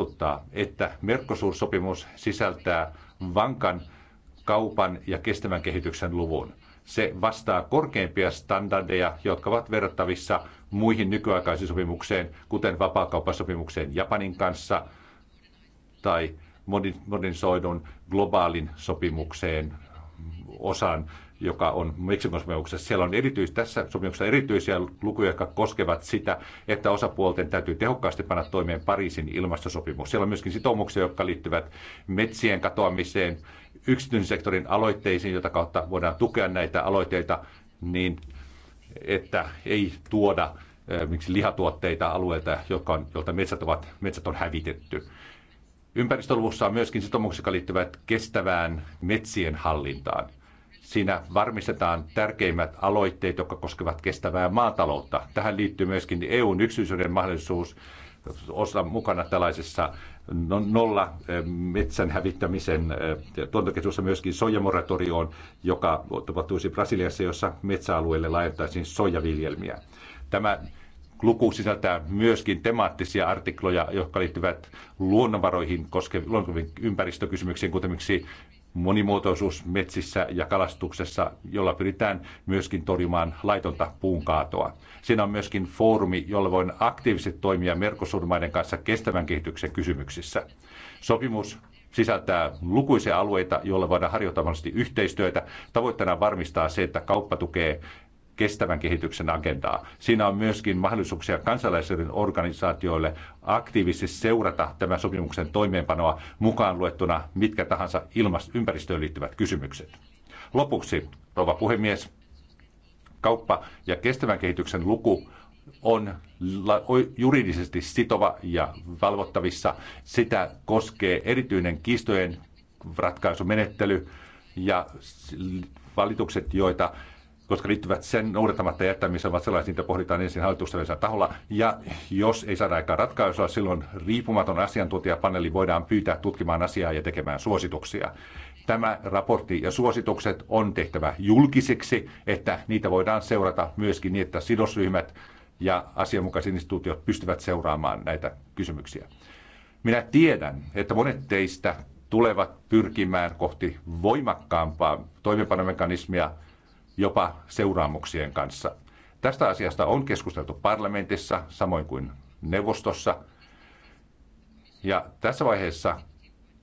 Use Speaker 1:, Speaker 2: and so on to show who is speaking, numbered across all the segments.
Speaker 1: muistuttaa, että Mercosur-sopimus sisältää vankan kaupan ja kestävän kehityksen luvun. Se vastaa korkeimpia standardeja, jotka ovat verrattavissa muihin nykyaikaisiin sopimukseen, kuten vapaakauppasopimukseen Japanin kanssa tai modernisoidun globaalin sopimukseen osan joka on Meksikon sopimuksessa. Siellä on erityis, tässä sopimuksessa erityisiä lukuja, jotka koskevat sitä, että osapuolten täytyy tehokkaasti panna toimeen Pariisin ilmastosopimus. Siellä on myöskin sitoumuksia, jotka liittyvät metsien katoamiseen, yksityisen sektorin aloitteisiin, jota kautta voidaan tukea näitä aloitteita niin, että ei tuoda miksi lihatuotteita alueelta, jotka on, joilta metsät, ovat, metsät on hävitetty. Ympäristöluvussa on myöskin sitoumuksia, jotka liittyvät kestävään metsien hallintaan. Siinä varmistetaan tärkeimmät aloitteet, jotka koskevat kestävää maataloutta. Tähän liittyy myöskin EUn yksityisyyden mahdollisuus olla mukana tällaisessa no-, nolla eh, metsän hävittämisen eh, tuotantoketjussa myöskin sojamoratorioon, joka tapahtuisi Brasiliassa, jossa metsäalueelle laajentaisiin soijaviljelmiä. Tämä luku sisältää myöskin temaattisia artikloja, jotka liittyvät luonnonvaroihin koskeviin ympäristökysymyksiin, kuten monimuotoisuus metsissä ja kalastuksessa, jolla pyritään myöskin torjumaan laitonta puunkaatoa. Siinä on myöskin foorumi, jolla voin aktiivisesti toimia merkosurmaiden kanssa kestävän kehityksen kysymyksissä. Sopimus sisältää lukuisia alueita, joilla voidaan harjoittaa yhteistyötä. Tavoitteena varmistaa se, että kauppa tukee kestävän kehityksen agendaa. Siinä on myöskin mahdollisuuksia kansalaisille organisaatioille aktiivisesti seurata tämän sopimuksen toimeenpanoa mukaan luettuna mitkä tahansa ilmast- ympäristöön liittyvät kysymykset. Lopuksi, rouva puhemies, kauppa- ja kestävän kehityksen luku on juridisesti sitova ja valvottavissa. Sitä koskee erityinen kiistojen ratkaisumenettely ja valitukset, joita jotka liittyvät sen noudattamatta jättämiseen, ovat sellaisia, niitä pohditaan ensin hallitusten taholla. Ja jos ei saada aikaa ratkaisua, silloin riippumaton asiantuntijapaneeli voidaan pyytää tutkimaan asiaa ja tekemään suosituksia. Tämä raportti ja suositukset on tehtävä julkisiksi, että niitä voidaan seurata myöskin niin, että sidosryhmät ja asianmukaiset instituutiot pystyvät seuraamaan näitä kysymyksiä. Minä tiedän, että monet teistä tulevat pyrkimään kohti voimakkaampaa toimeenpanomekanismia, jopa seuraamuksien kanssa. Tästä asiasta on keskusteltu parlamentissa, samoin kuin neuvostossa. Ja tässä vaiheessa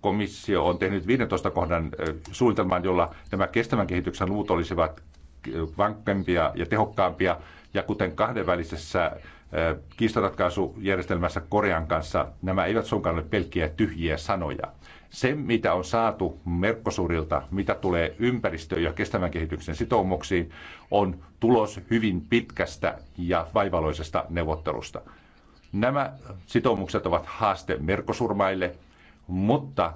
Speaker 1: komissio on tehnyt 15 kohdan suunnitelman, jolla nämä kestävän kehityksen luut olisivat vankempia ja tehokkaampia. Ja kuten kahdenvälisessä kiistaratkaisujärjestelmässä Korean kanssa, nämä eivät suinkaan ole pelkkiä tyhjiä sanoja. Se, mitä on saatu merkosurilta, mitä tulee ympäristöön ja kestävän kehityksen sitoumuksiin, on tulos hyvin pitkästä ja vaivaloisesta neuvottelusta. Nämä sitoumukset ovat haaste Merkosurmaille, mutta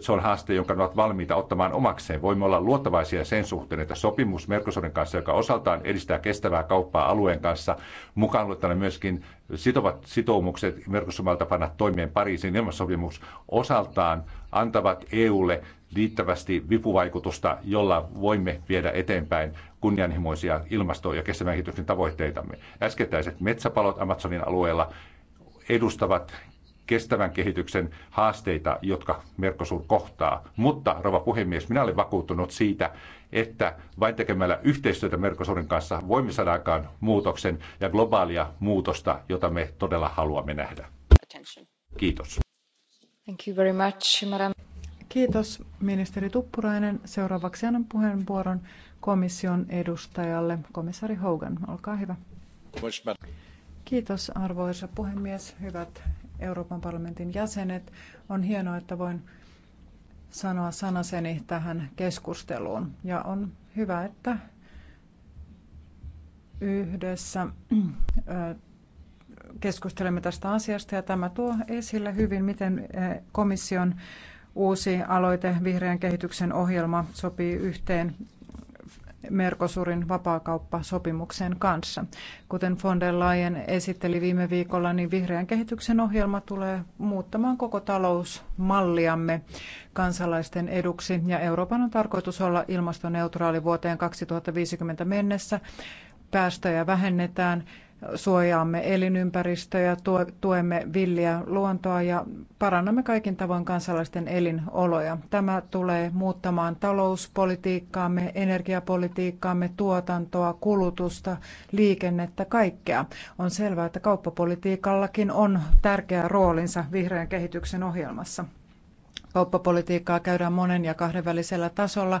Speaker 1: se on haaste, jonka ne ovat valmiita ottamaan omakseen. Voimme olla luottavaisia sen suhteen, että sopimus Mercosurin kanssa, joka osaltaan edistää kestävää kauppaa alueen kanssa, mukaan luettuna myöskin sitovat sitoumukset Mercosurilta panna toimeen Pariisin ilmastosopimus, osaltaan antavat EUlle liittävästi vipuvaikutusta, jolla voimme viedä eteenpäin kunnianhimoisia ilmasto- ja kestävän kehityksen tavoitteitamme. Äskettäiset metsäpalot Amazonin alueella edustavat kestävän kehityksen haasteita, jotka Mercosur kohtaa. Mutta, rouva puhemies, minä olen vakuuttunut siitä, että vain tekemällä yhteistyötä Mercosurin kanssa voimme saada aikaan muutoksen ja globaalia muutosta, jota me todella haluamme nähdä. Kiitos.
Speaker 2: Thank you very much, madam. Kiitos ministeri Tuppurainen. Seuraavaksi annan puheenvuoron komission edustajalle, komissari Hogan. Olkaa hyvä. Kiitos arvoisa puhemies, hyvät Euroopan parlamentin jäsenet. On hienoa, että voin sanoa sanaseni tähän keskusteluun. Ja on hyvä, että yhdessä keskustelemme tästä asiasta ja tämä tuo esille hyvin, miten komission uusi aloite vihreän kehityksen ohjelma sopii yhteen Mercosurin vapaakauppasopimuksen kanssa. Kuten von der Leyen esitteli viime viikolla, niin vihreän kehityksen ohjelma tulee muuttamaan koko talousmalliamme kansalaisten eduksi ja Euroopan on tarkoitus olla ilmastoneutraali vuoteen 2050 mennessä. Päästöjä vähennetään suojaamme elinympäristöjä, tuemme villiä luontoa ja parannamme kaikin tavoin kansalaisten elinoloja. Tämä tulee muuttamaan talouspolitiikkaamme, energiapolitiikkaamme, tuotantoa, kulutusta, liikennettä, kaikkea. On selvää, että kauppapolitiikallakin on tärkeä roolinsa vihreän kehityksen ohjelmassa. Kauppapolitiikkaa käydään monen ja kahdenvälisellä tasolla.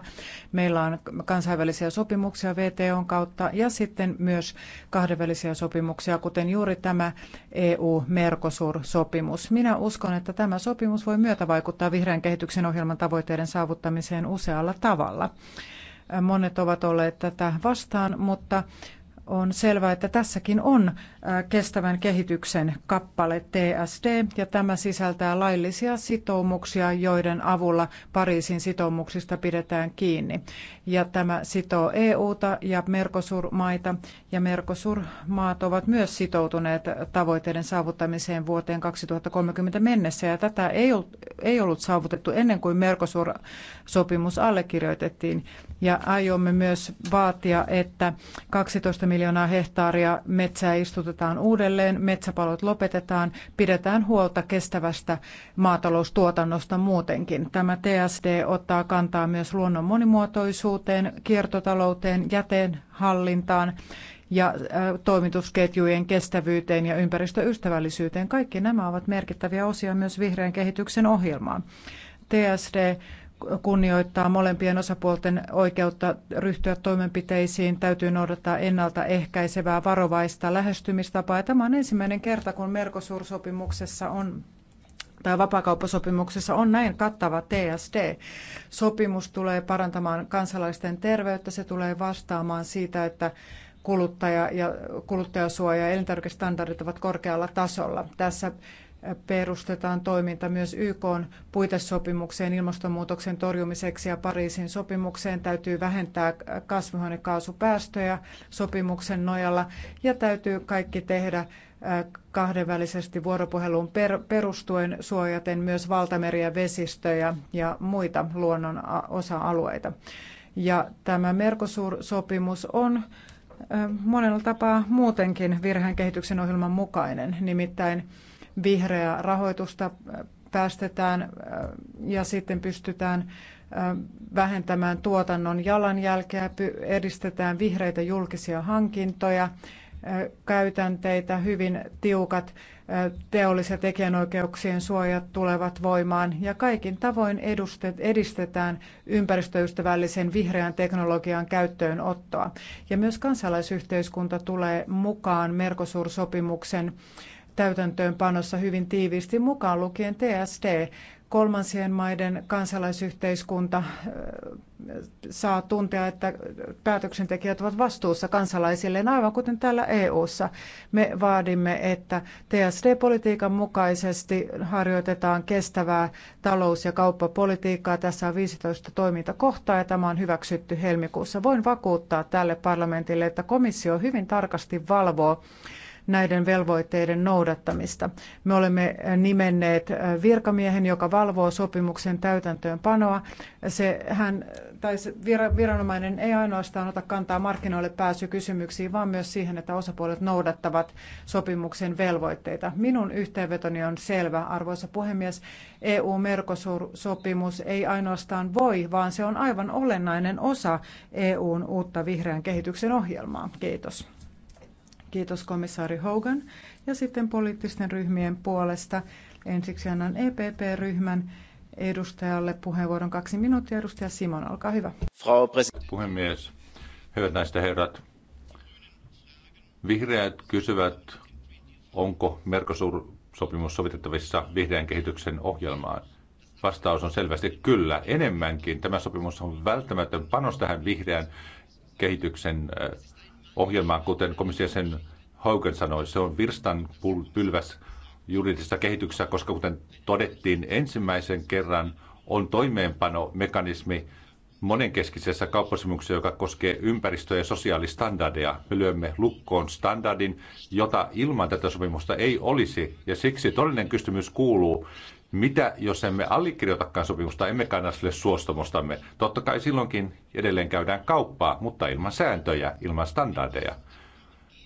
Speaker 2: Meillä on kansainvälisiä sopimuksia VTOn kautta ja sitten myös kahdenvälisiä sopimuksia, kuten juuri tämä EU-Mercosur-sopimus. Minä uskon, että tämä sopimus voi vaikuttaa vihreän kehityksen ohjelman tavoitteiden saavuttamiseen usealla tavalla. Monet ovat olleet tätä vastaan, mutta on selvää, että tässäkin on kestävän kehityksen kappale TSD, ja tämä sisältää laillisia sitoumuksia, joiden avulla Pariisin sitoumuksista pidetään kiinni. Ja tämä sitoo EUta ja Mercosur-maita, ja Mercosur-maat ovat myös sitoutuneet tavoitteiden saavuttamiseen vuoteen 2030 mennessä, ja tätä ei ollut, ei ollut saavutettu ennen kuin Mercosur-sopimus allekirjoitettiin. Ja aiomme myös vaatia, että 12 miljoonaa hehtaaria metsää istutetaan uudelleen, metsäpalot lopetetaan, pidetään huolta kestävästä maataloustuotannosta muutenkin. Tämä TSD ottaa kantaa myös luonnon monimuotoisuuteen, kiertotalouteen, jäteen hallintaan ja äh, toimitusketjujen kestävyyteen ja ympäristöystävällisyyteen. Kaikki nämä ovat merkittäviä osia myös vihreän kehityksen ohjelmaan. TSD kunnioittaa molempien osapuolten oikeutta ryhtyä toimenpiteisiin, täytyy noudattaa ennaltaehkäisevää varovaista lähestymistapaa. Ja tämä on ensimmäinen kerta, kun Mercosur-sopimuksessa on tai vapakauppasopimuksessa on näin kattava TSD-sopimus tulee parantamaan kansalaisten terveyttä, se tulee vastaamaan siitä, että kuluttaja ja kuluttajasuoja ja elintarvikestandardit ovat korkealla tasolla. Tässä perustetaan toiminta myös YK puitesopimukseen ilmastonmuutoksen torjumiseksi ja Pariisin sopimukseen täytyy vähentää kasvihuonekaasupäästöjä sopimuksen nojalla ja täytyy kaikki tehdä kahdenvälisesti vuoropuheluun perustuen suojaten myös valtameriä, vesistöjä ja muita luonnon osa-alueita. Ja tämä Mercosur-sopimus on monella tapaa muutenkin virheen kehityksen ohjelman mukainen, nimittäin vihreää rahoitusta äh, päästetään äh, ja sitten pystytään äh, vähentämään tuotannon jalanjälkeä, edistetään vihreitä julkisia hankintoja, käytänteitä, hyvin tiukat teollis- ja tekijänoikeuksien suojat tulevat voimaan ja kaikin tavoin edistetään ympäristöystävällisen vihreän teknologian käyttöönottoa. Ja myös kansalaisyhteiskunta tulee mukaan Mercosur-sopimuksen täytäntöönpanossa hyvin tiiviisti mukaan lukien TSD. Kolmansien maiden kansalaisyhteiskunta saa tuntea, että päätöksentekijät ovat vastuussa kansalaisilleen, aivan kuten täällä EU-ssa. Me vaadimme, että TSD-politiikan mukaisesti harjoitetaan kestävää talous- ja kauppapolitiikkaa. Tässä on 15 toimintakohtaa ja tämä on hyväksytty helmikuussa. Voin vakuuttaa tälle parlamentille, että komissio hyvin tarkasti valvoo näiden velvoitteiden noudattamista. Me olemme nimenneet virkamiehen, joka valvoo sopimuksen täytäntöönpanoa. Se, hän, tai se viranomainen ei ainoastaan ota kantaa markkinoille pääsykysymyksiin, vaan myös siihen, että osapuolet noudattavat sopimuksen velvoitteita. Minun yhteenvetoni on selvä, arvoisa puhemies. eu merkosopimus sopimus ei ainoastaan voi, vaan se on aivan olennainen osa EUn uutta vihreän kehityksen ohjelmaa. Kiitos. Kiitos komissaari Hogan. Ja sitten poliittisten ryhmien puolesta ensiksi annan EPP-ryhmän edustajalle puheenvuoron kaksi minuuttia. Edustaja Simon, olkaa hyvä.
Speaker 1: Frau Puhemies, hyvät naiset ja herrat. Vihreät kysyvät, onko Mercosur-sopimus sovitettavissa vihreän kehityksen ohjelmaan. Vastaus on selvästi kyllä, enemmänkin. Tämä sopimus on välttämätön panos tähän vihreän kehityksen äh, ohjelmaan, kuten komission sen sanoi. Se on virstan pylväs juridisessa kehityksessä, koska kuten todettiin, ensimmäisen kerran on toimeenpanomekanismi monenkeskisessä kauppasopimuksessa, joka koskee ympäristö- ja sosiaalistandardeja. Me lyömme lukkoon standardin, jota ilman tätä sopimusta ei olisi. Ja siksi todellinen kysymys kuuluu, mitä, jos emme allekirjoitakaan sopimusta, emme anna sille suostumustamme? Totta kai silloinkin edelleen käydään kauppaa, mutta ilman sääntöjä, ilman standardeja.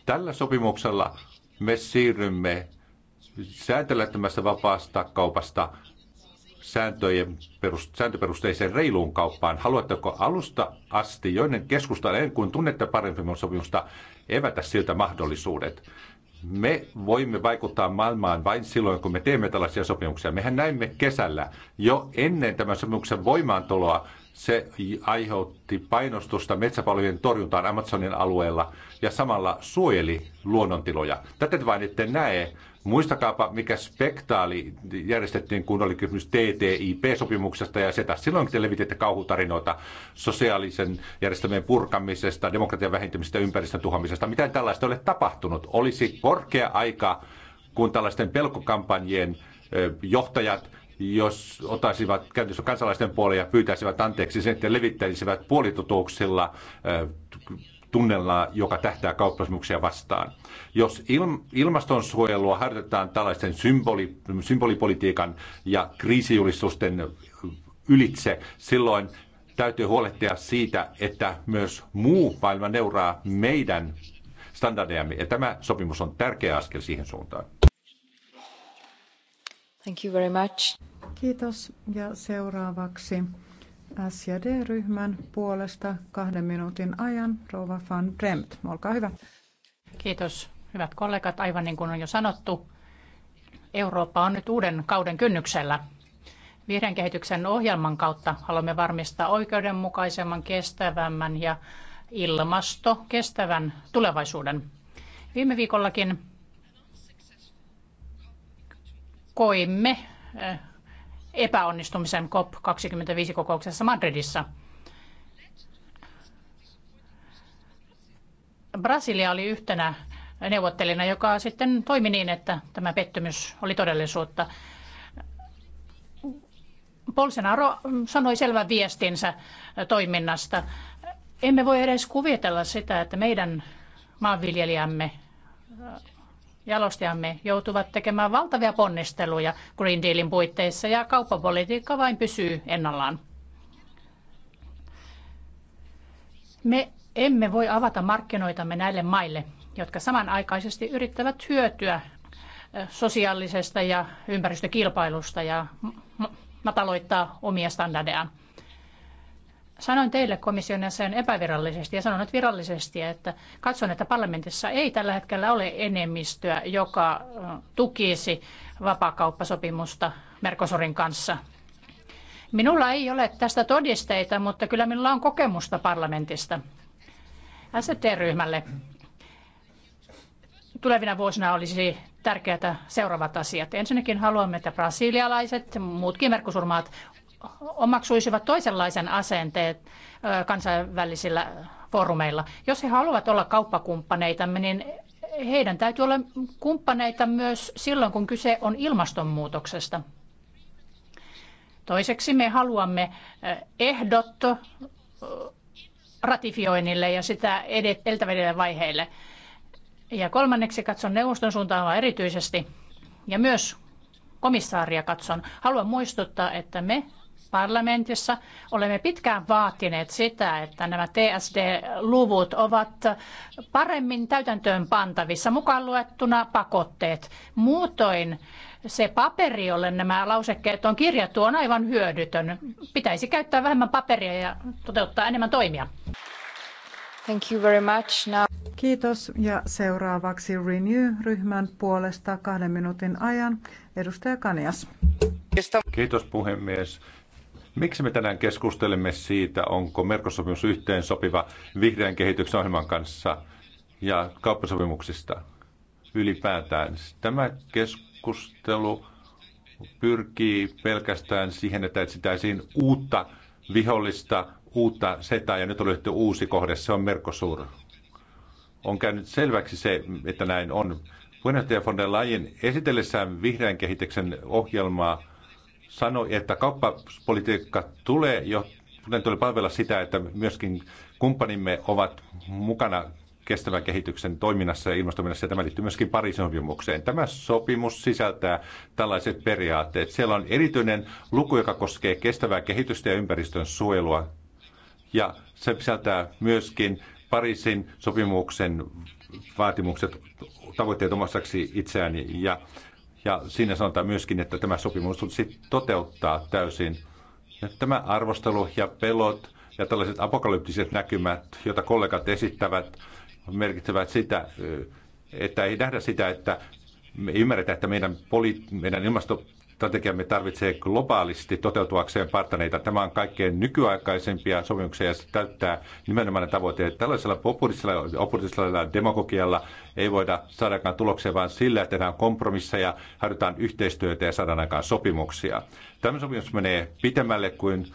Speaker 1: Tällä sopimuksella me siirrymme sääntelettömästä vapaasta kaupasta sääntöjen perust- sääntöperusteiseen reiluun kauppaan. Haluatteko alusta asti, joiden keskustan en kuin tunnette paremmin sopimusta, evätä siltä mahdollisuudet? Me voimme vaikuttaa maailmaan vain silloin, kun me teemme tällaisia sopimuksia. Mehän näimme kesällä jo ennen tämän sopimuksen voimaantuloa se aiheutti painostusta metsäpalojen torjuntaan Amazonin alueella ja samalla suojeli luonnontiloja. Tätä te vain ette näe. Muistakaapa, mikä spektaali järjestettiin, kun oli kysymys TTIP-sopimuksesta ja sitä. Silloin te levititte kauhutarinoita sosiaalisen järjestelmän purkamisesta, demokratian vähentämisestä, ympäristön tuhoamisesta. Mitä tällaista ole tapahtunut. Olisi korkea aika, kun tällaisten pelkokampanjien johtajat jos otaisivat käytössä kansalaisten puolella ja pyytäisivät anteeksi sen, että levittäisivät puolitotuuksilla tunnella, joka tähtää kauppasopimuksia vastaan. Jos il, ilmastonsuojelua harjoitetaan tällaisten symboli, symbolipolitiikan ja kriisijulistusten ylitse, silloin täytyy huolehtia siitä, että myös muu maailma neuraa meidän standardejamme. Ja tämä sopimus on tärkeä askel siihen suuntaan.
Speaker 3: Thank you very much.
Speaker 2: Kiitos. Ja seuraavaksi SJD-ryhmän puolesta kahden minuutin ajan Rova van Bremt. Olkaa hyvä. Kiitos.
Speaker 4: Hyvät kollegat, aivan niin kuin on jo sanottu, Eurooppa on nyt uuden kauden kynnyksellä. Vihreän kehityksen ohjelman kautta haluamme varmistaa oikeudenmukaisemman, kestävämmän ja ilmasto kestävän tulevaisuuden. Viime viikollakin koimme eh, epäonnistumisen COP25-kokouksessa Madridissa. Brasilia oli yhtenä neuvottelijana, joka sitten toimi niin, että tämä pettymys oli todellisuutta. Bolsonaro sanoi selvän viestinsä toiminnasta. Emme voi edes kuvitella sitä, että meidän maanviljelijämme jalostajamme joutuvat tekemään valtavia ponnisteluja Green Dealin puitteissa ja kauppapolitiikka vain pysyy ennallaan. Me emme voi avata markkinoitamme näille maille, jotka samanaikaisesti yrittävät hyötyä sosiaalisesta ja ympäristökilpailusta ja mataloittaa omia standardejaan. Sanoin teille komission sen epävirallisesti ja sanon nyt virallisesti, että katson, että parlamentissa ei tällä hetkellä ole enemmistöä, joka tukisi vapaakauppasopimusta Mercosurin kanssa. Minulla ei ole tästä todisteita, mutta kyllä minulla on kokemusta parlamentista. ST-ryhmälle tulevina vuosina olisi tärkeää seuraavat asiat. Ensinnäkin haluamme, että brasilialaiset, muutkin merkkusurmaat omaksuisivat toisenlaisen asenteet kansainvälisillä foorumeilla. Jos he haluavat olla kauppakumppaneitamme, niin heidän täytyy olla kumppaneita myös silloin, kun kyse on ilmastonmuutoksesta. Toiseksi me haluamme ehdot ratifioinnille ja sitä edeltäville vaiheille. Ja kolmanneksi katson neuvoston suuntaan erityisesti ja myös komissaaria katson. Haluan muistuttaa, että me parlamentissa olemme pitkään vaatineet sitä, että nämä TSD-luvut ovat paremmin täytäntöön pantavissa, mukaan luettuna pakotteet. Muutoin se paperi, jolle nämä lausekkeet on kirjattu, on aivan hyödytön. Pitäisi käyttää vähemmän paperia ja toteuttaa enemmän
Speaker 2: toimia. Thank you very much. Now... Kiitos. Ja seuraavaksi Renew-ryhmän puolesta kahden minuutin ajan edustaja Kanias.
Speaker 1: Kiitos puhemies. Miksi me tänään keskustelemme siitä, onko Merkosopimus yhteen sopiva vihreän kehityksen ohjelman kanssa ja kauppasopimuksista ylipäätään? Tämä keskustelu pyrkii pelkästään siihen, että etsitäisiin uutta vihollista, uutta setaa, ja nyt on löydetty uusi kohde, se on Merkosur. On käynyt selväksi se, että näin on. Puheenjohtaja von der Leyen esitellessään vihreän kehityksen ohjelmaa sanoi, että kauppapolitiikka tulee jo kuten tulee palvella sitä, että myöskin kumppanimme ovat mukana kestävän kehityksen toiminnassa ja ilmastoiminnassa, ja tämä liittyy myöskin Pariisin sopimukseen. Tämä sopimus sisältää tällaiset periaatteet. Siellä on erityinen luku, joka koskee kestävää kehitystä ja ympäristön suojelua, ja se sisältää myöskin Pariisin sopimuksen vaatimukset tavoitteet omassaksi itseäni, ja ja siinä sanotaan myöskin, että tämä sopimus tulisi toteuttaa täysin. Ja tämä arvostelu ja pelot ja tällaiset apokalyptiset näkymät, joita kollegat esittävät, merkitsevät sitä, että ei nähdä sitä, että me ymmärretään, että meidän, poli- meidän ilmasto strategiamme tarvitsee globaalisti toteutuakseen partnereita. Tämä on kaikkein nykyaikaisempia sopimuksia ja se täyttää nimenomaan tavoite, että tällaisella populistisella, populistisella demagogialla ei voida saadakaan tuloksia, vaan sillä, että tehdään kompromisseja, harjoitetaan yhteistyötä ja saadaan aikaan sopimuksia. Tämä sopimus menee pitemmälle kuin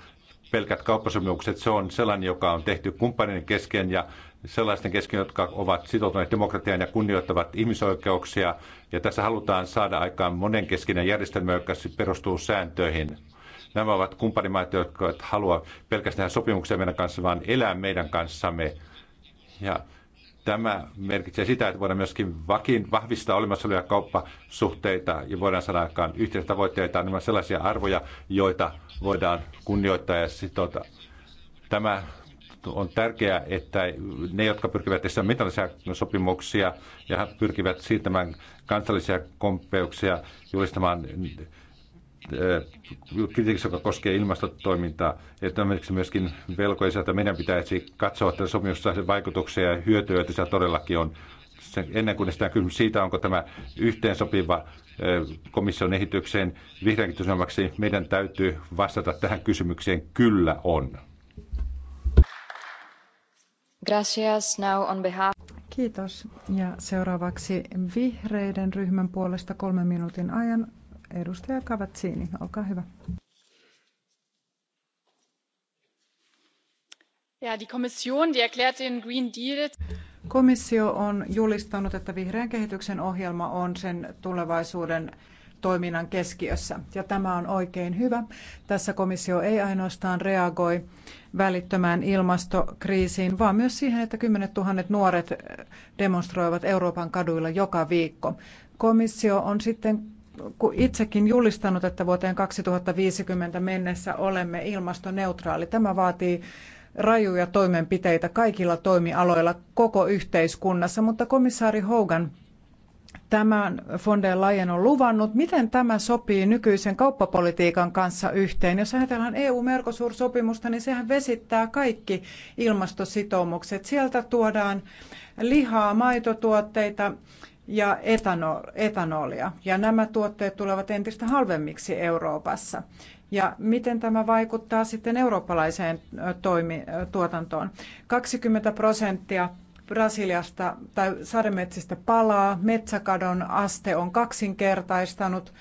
Speaker 1: pelkät kauppasopimukset. Se on sellainen, joka on tehty kumppanien kesken ja sellaisten kesken, jotka ovat sitoutuneet demokratiaan ja kunnioittavat ihmisoikeuksia ja tässä halutaan saada aikaan monenkeskinen järjestelmä, joka siis perustuu sääntöihin. Nämä ovat kumppanimaat, jotka eivät halua pelkästään sopimuksia meidän kanssa, vaan elää meidän kanssamme. Ja tämä merkitsee sitä, että voidaan myöskin vakiin, vahvistaa olemassa olevia kauppasuhteita ja voidaan saada aikaan yhteistä tavoitteita, nämä sellaisia arvoja, joita voidaan kunnioittaa ja sitota. Tämä on tärkeää, että ne, jotka pyrkivät tässä mitallisia sopimuksia ja pyrkivät siirtämään kansallisia kompeuksia julistamaan eh, kritiikissä, joka koskee ilmastotoimintaa. että esimerkiksi myöskin velkoisia, että meidän pitäisi katsoa tätä sopimusta vaikutuksia ja hyötyä, että se todellakin on. Sen, ennen kuin sitä kysymys siitä, onko tämä yhteensopiva eh, komission esitykseen vihreän meidän täytyy vastata tähän kysymykseen kyllä on.
Speaker 3: Gracias now on behalf... Kiitos.
Speaker 2: Ja seuraavaksi vihreiden ryhmän puolesta kolmen minuutin ajan edustaja Kavatsiini. Olkaa hyvä. Ja, die Kommission, die erklärt den Green Deal. Komissio on julistanut, että vihreän kehityksen ohjelma on sen tulevaisuuden toiminnan keskiössä. Ja tämä on oikein hyvä. Tässä komissio ei ainoastaan reagoi välittömään ilmastokriisiin, vaan myös siihen, että kymmenet tuhannet nuoret demonstroivat Euroopan kaduilla joka viikko. Komissio on sitten itsekin julistanut, että vuoteen 2050 mennessä olemme ilmastoneutraali. Tämä vaatii rajuja toimenpiteitä kaikilla toimialoilla koko yhteiskunnassa, mutta komissaari Hogan tämän von der Leyen on luvannut. Miten tämä sopii nykyisen kauppapolitiikan kanssa yhteen? Jos ajatellaan EU-Mercosur-sopimusta, niin sehän vesittää kaikki ilmastositoumukset. Sieltä tuodaan lihaa, maitotuotteita ja etanolia. Ja nämä tuotteet tulevat entistä halvemmiksi Euroopassa. Ja miten tämä vaikuttaa sitten eurooppalaiseen toimi, tuotantoon? 20 prosenttia Brasiliasta tai sademetsistä palaa, metsäkadon aste on kaksinkertaistanut.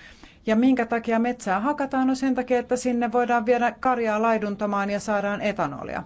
Speaker 2: Ja minkä takia metsää hakataan? No sen takia, että sinne voidaan viedä karjaa laiduntamaan ja saadaan etanolia.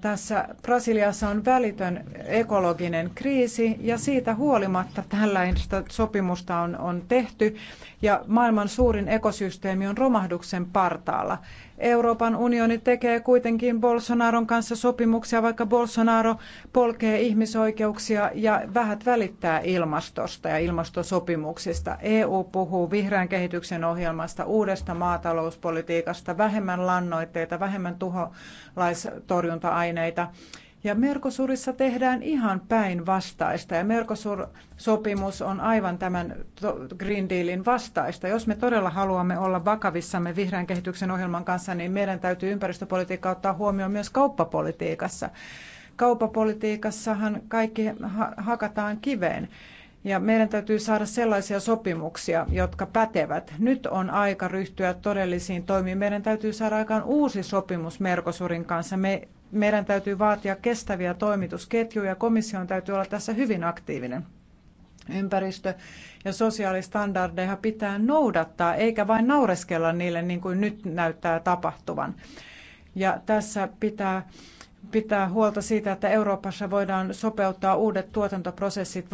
Speaker 2: Tässä Brasiliassa on välitön ekologinen kriisi ja siitä huolimatta tällaista sopimusta on, on tehty ja maailman suurin ekosysteemi on romahduksen partaalla. Euroopan unioni tekee kuitenkin Bolsonaron kanssa sopimuksia, vaikka Bolsonaro polkee ihmisoikeuksia ja vähät välittää ilmastosta ja ilmastosopimuksista. EU puhuu vihreän kehityksen ohjelmasta, uudesta maatalouspolitiikasta, vähemmän lannoitteita, vähemmän tuholaistorjunta-aineita ja Mercosurissa tehdään ihan päinvastaista ja Mercosur-sopimus on aivan tämän Green Dealin vastaista. Jos me todella haluamme olla vakavissamme vihreän kehityksen ohjelman kanssa, niin meidän täytyy ympäristöpolitiikka ottaa huomioon myös kauppapolitiikassa. Kauppapolitiikassahan kaikki ha- hakataan kiveen. Ja meidän täytyy saada sellaisia sopimuksia, jotka pätevät. Nyt on aika ryhtyä todellisiin toimiin. Meidän täytyy saada aikaan uusi sopimus Mercosurin kanssa. Me meidän täytyy vaatia kestäviä toimitusketjuja komission täytyy olla tässä hyvin aktiivinen. Ympäristö- ja sosiaalistandardeja pitää noudattaa, eikä vain naureskella niille niin kuin nyt näyttää tapahtuvan. Ja tässä pitää pitää huolta siitä, että Euroopassa voidaan sopeuttaa uudet tuotantoprosessit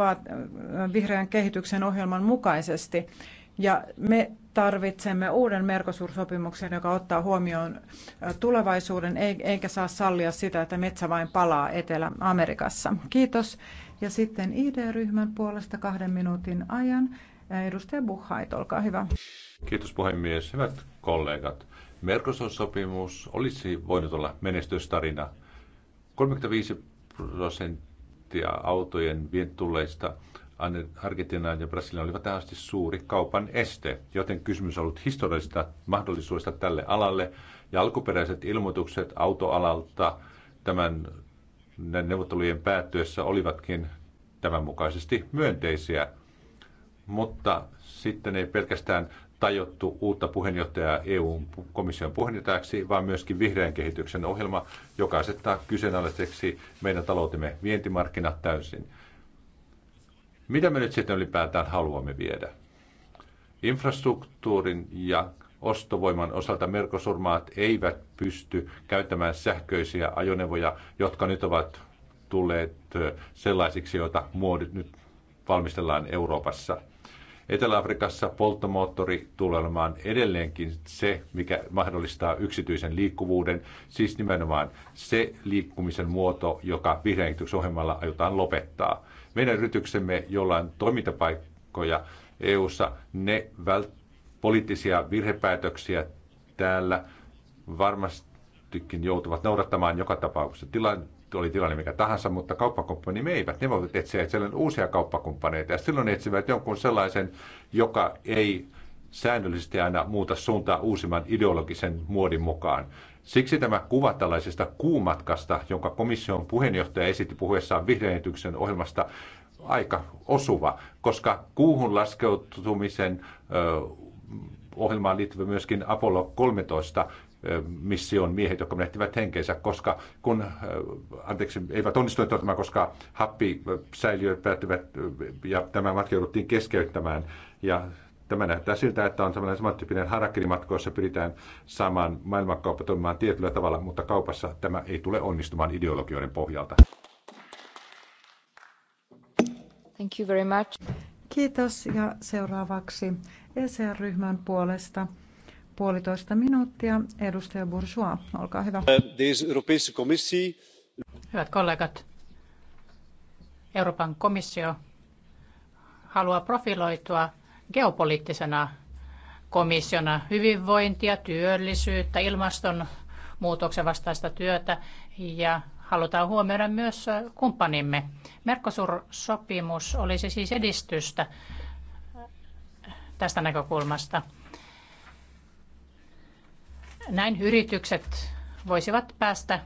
Speaker 2: vihreän kehityksen ohjelman mukaisesti. Ja me tarvitsemme uuden Mercosur-sopimuksen, joka ottaa huomioon tulevaisuuden, eikä saa sallia sitä, että metsä vain palaa Etelä-Amerikassa. Kiitos. Ja sitten ID-ryhmän puolesta kahden minuutin ajan edustaja Buchheit, olkaa hyvä.
Speaker 1: Kiitos puhemies. Hyvät kollegat, Mercosur-sopimus olisi voinut olla menestystarina. 35 prosenttia autojen vientulleista Argentiina ja Brasilian olivat tähän asti suuri kaupan este, joten kysymys on ollut historiallisista mahdollisuudesta tälle alalle. Ja alkuperäiset ilmoitukset autoalalta tämän neuvottelujen päättyessä olivatkin tämän mukaisesti myönteisiä. Mutta sitten ei pelkästään tajottu uutta puheenjohtajaa EU-komission puheenjohtajaksi, vaan myöskin vihreän kehityksen ohjelma, joka asettaa kyseenalaiseksi meidän taloutemme vientimarkkinat täysin. Mitä me nyt sitten ylipäätään haluamme viedä? Infrastruktuurin ja ostovoiman osalta Merkosurmaat eivät pysty käyttämään sähköisiä ajoneuvoja, jotka nyt ovat tulleet sellaisiksi, joita muodit nyt valmistellaan Euroopassa. Etelä-Afrikassa polttomoottori tulee olemaan edelleenkin se, mikä mahdollistaa yksityisen liikkuvuuden, siis nimenomaan se liikkumisen muoto, joka vihreän ohjelmalla aiotaan lopettaa. Meidän yrityksemme, jolla on toimintapaikkoja EU-ssa, ne vält- poliittisia virhepäätöksiä täällä varmastikin joutuvat noudattamaan joka tapauksessa. Tilanne oli tilanne mikä tahansa, mutta me eivät. Ne voivat etsiä itselleen uusia kauppakumppaneita ja silloin etsivät jonkun sellaisen, joka ei säännöllisesti aina muuta suuntaa uusimman ideologisen muodin mukaan. Siksi tämä kuva tällaisesta kuumatkasta, jonka komission puheenjohtaja esitti puheessaan vihreänityksen ohjelmasta, aika osuva, koska kuuhun laskeutumisen ö, ohjelmaan liittyvä myöskin Apollo 13 mission miehet, jotka menettivät henkeensä, koska kun, anteeksi, eivät onnistuneet ottamaan, koska happisäiliöt päättyvät ja tämä matka jouduttiin keskeyttämään. Ja tämä näyttää siltä, että on sellainen samantyyppinen harakirimatko, jossa pyritään saamaan maailmankauppa toimimaan tietyllä tavalla, mutta kaupassa tämä ei tule onnistumaan ideologioiden pohjalta.
Speaker 2: Thank you very much. Kiitos ja seuraavaksi ECR-ryhmän puolesta puolitoista minuuttia. Edustaja Bourgeois, olkaa hyvä.
Speaker 4: Hyvät kollegat, Euroopan komissio haluaa profiloitua geopoliittisena komissiona hyvinvointia, työllisyyttä, ilmastonmuutoksen vastaista työtä ja halutaan huomioida myös kumppanimme. Mercosur-sopimus olisi siis edistystä tästä näkökulmasta. Näin yritykset voisivat päästä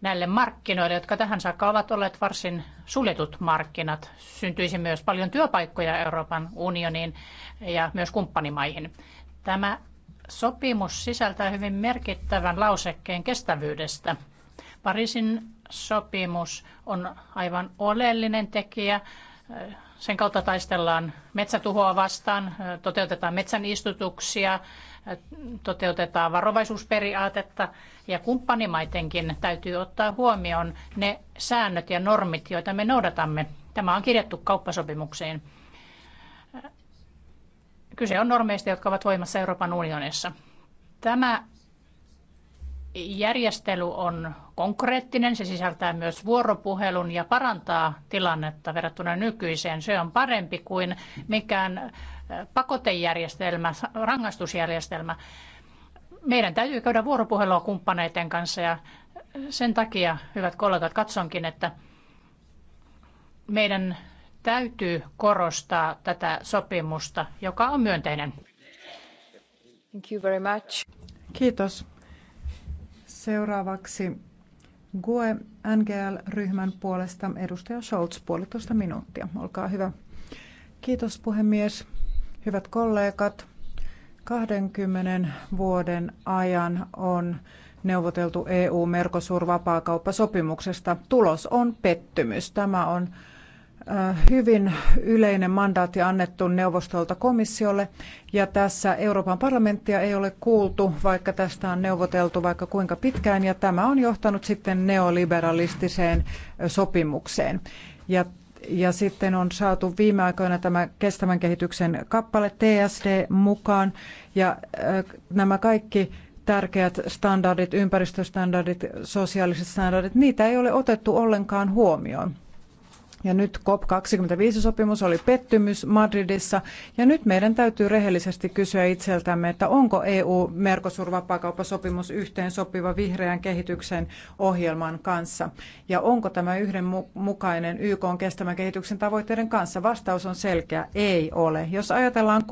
Speaker 4: näille markkinoille, jotka tähän saakka ovat olleet varsin suljetut markkinat. Syntyisi myös paljon työpaikkoja Euroopan unioniin ja myös kumppanimaihin. Tämä sopimus sisältää hyvin merkittävän lausekkeen kestävyydestä. Pariisin sopimus on aivan oleellinen tekijä. Sen kautta taistellaan metsätuhoa vastaan, toteutetaan metsän istutuksia, toteutetaan varovaisuusperiaatetta ja kumppanimaidenkin täytyy ottaa huomioon ne säännöt ja normit, joita me noudatamme. Tämä on kirjattu kauppasopimukseen. Kyse on normeista, jotka ovat voimassa Euroopan unionissa. Tämä järjestely on konkreettinen, se sisältää myös vuoropuhelun ja parantaa tilannetta verrattuna nykyiseen. Se on parempi kuin mikään eh, pakotejärjestelmä, rangaistusjärjestelmä. Meidän täytyy käydä vuoropuhelua kumppaneiden kanssa ja sen takia, hyvät kollegat, katsonkin, että meidän täytyy korostaa tätä sopimusta, joka on myönteinen. Thank you very
Speaker 2: much. Kiitos. Seuraavaksi GUE NGL-ryhmän puolesta edustaja Scholz puolitoista minuuttia. Olkaa hyvä. Kiitos puhemies. Hyvät kollegat, 20 vuoden ajan on neuvoteltu EU-Mercosur-vapaakauppasopimuksesta. Tulos on pettymys. Tämä on Äh, hyvin yleinen mandaatti annettu neuvostolta komissiolle ja tässä Euroopan parlamenttia ei ole kuultu, vaikka tästä on neuvoteltu vaikka kuinka pitkään ja tämä on johtanut sitten neoliberalistiseen äh, sopimukseen. Ja ja sitten on saatu viime aikoina tämä kestävän kehityksen kappale TSD mukaan ja äh, nämä kaikki tärkeät standardit, ympäristöstandardit, sosiaaliset standardit, niitä ei ole otettu ollenkaan huomioon. Ja nyt COP25-sopimus oli pettymys Madridissa. Ja nyt meidän täytyy rehellisesti kysyä itseltämme, että onko EU-Mercosur-vapaakauppasopimus yhteen sopiva vihreän kehityksen ohjelman kanssa. Ja onko tämä yhdenmukainen YK on kestävän kehityksen tavoitteiden kanssa? Vastaus on selkeä, ei ole. Jos ajatellaan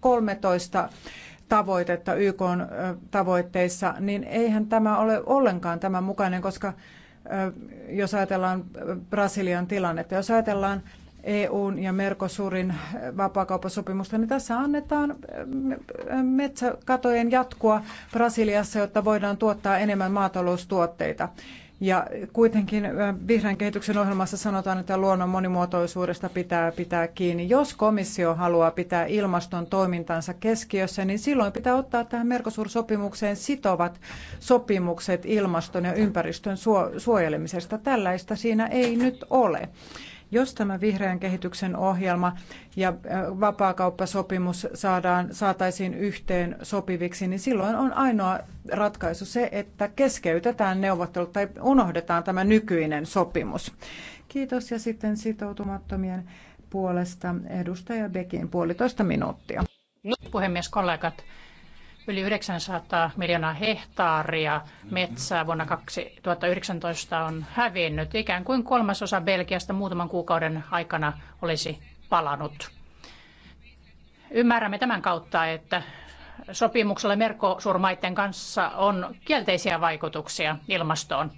Speaker 2: 13 tavoitetta YK tavoitteissa, niin eihän tämä ole ollenkaan tämän mukainen, koska jos ajatellaan Brasilian tilannetta, jos ajatellaan EUn ja Mercosurin vapaakauppasopimusta, niin tässä annetaan metsäkatojen jatkua Brasiliassa, jotta voidaan tuottaa enemmän maataloustuotteita. Ja kuitenkin vihreän kehityksen ohjelmassa sanotaan, että luonnon monimuotoisuudesta pitää pitää kiinni. Jos komissio haluaa pitää ilmaston toimintansa keskiössä, niin silloin pitää ottaa tähän Mercosur-sopimukseen sitovat sopimukset ilmaston ja ympäristön suojelemisesta. Tällaista siinä ei nyt ole. Jos tämä vihreän kehityksen ohjelma ja äh, vapaakauppasopimus saadaan, saataisiin yhteen sopiviksi, niin silloin on ainoa ratkaisu se, että keskeytetään neuvottelut tai unohdetaan tämä nykyinen sopimus. Kiitos ja sitten sitoutumattomien puolesta edustaja Bekin puolitoista minuuttia.
Speaker 4: No, puhemies, kollegat, Yli 900 miljoonaa hehtaaria metsää vuonna 2019 on hävinnyt. Ikään kuin kolmasosa Belgiasta muutaman kuukauden aikana olisi palanut. Ymmärrämme tämän kautta, että sopimuksella merkosurmaiden kanssa on kielteisiä vaikutuksia ilmastoon.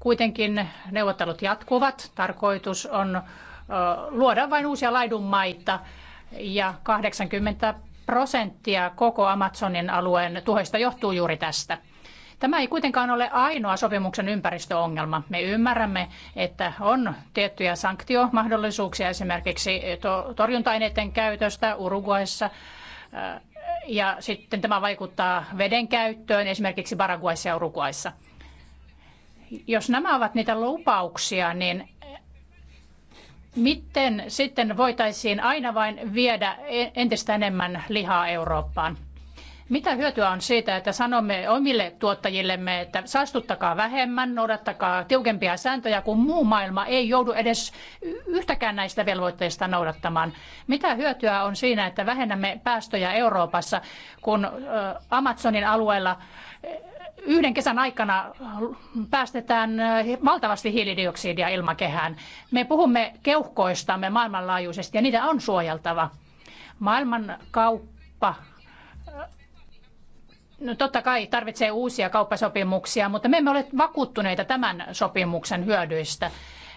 Speaker 4: Kuitenkin neuvottelut jatkuvat. Tarkoitus on luoda vain uusia laidunmaita ja 80 prosenttia koko Amazonin alueen tuhoista johtuu juuri tästä. Tämä ei kuitenkaan ole ainoa sopimuksen ympäristöongelma. Me ymmärrämme, että on tiettyjä sanktiomahdollisuuksia esimerkiksi torjunta-aineiden käytöstä Uruguayssa. Äh, ja sitten tämä vaikuttaa veden käyttöön esimerkiksi Paraguayssa ja Uruguayssa. Jos nämä ovat niitä lupauksia, niin Miten sitten voitaisiin aina vain viedä e- entistä enemmän lihaa Eurooppaan? Mitä hyötyä on siitä, että sanomme omille tuottajillemme, että saastuttakaa vähemmän, noudattakaa tiukempia sääntöjä, kun muu maailma ei joudu edes yhtäkään näistä velvoitteista noudattamaan? Mitä hyötyä on siinä, että vähennämme päästöjä Euroopassa, kun Amazonin alueella yhden kesän aikana päästetään äh, valtavasti hiilidioksidia ilmakehään. Me puhumme keuhkoistamme maailmanlaajuisesti ja niitä on suojeltava. Maailmankauppa äh, no totta kai tarvitsee uusia kauppasopimuksia, mutta me emme ole vakuuttuneita tämän sopimuksen hyödyistä.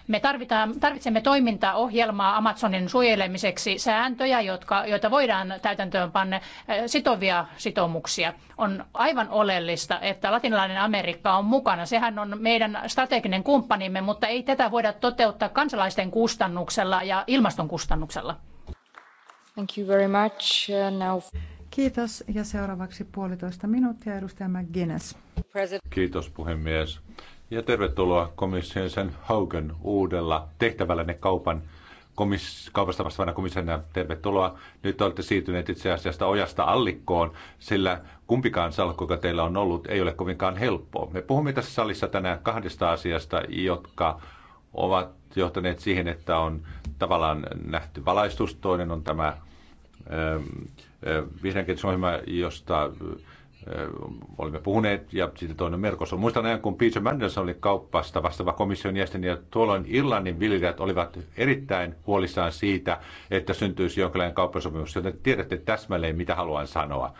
Speaker 4: Me tarvitaan, tarvitsemme toimintaohjelmaa Amazonin suojelemiseksi, sääntöjä, jotka, joita voidaan täytäntöön panna, eh, sitovia sitoumuksia. On aivan oleellista, että latinalainen Amerikka on mukana. Sehän on meidän strateginen kumppanimme, mutta ei tätä voida toteuttaa kansalaisten kustannuksella ja ilmaston kustannuksella.
Speaker 2: Thank you very much. Uh, now... Kiitos. Ja seuraavaksi puolitoista minuuttia edustaja McGuinness.
Speaker 1: Kiitos puhemies ja tervetuloa komission sen Haugen uudella tehtävälläne kaupan komis, kaupasta vastaavana komissiona tervetuloa. Nyt olette siirtyneet itse asiassa ojasta allikkoon, sillä kumpikaan salkku, joka teillä on ollut, ei ole kovinkaan helppoa. Me puhumme tässä salissa tänään kahdesta asiasta, jotka ovat johtaneet siihen, että on tavallaan nähty valaistus. Toinen on tämä ähm, äh, vihreän kehitysohjelma, josta Olimme puhuneet, ja sitten toinen Merkossa. Muistan ajan, kun Peter Mandelson oli kauppasta vastaava komission jäsen, ja tuolloin Irlannin viljelijät olivat erittäin huolissaan siitä, että syntyisi jonkinlainen kauppasopimus, joten tiedätte täsmälleen, mitä haluan sanoa.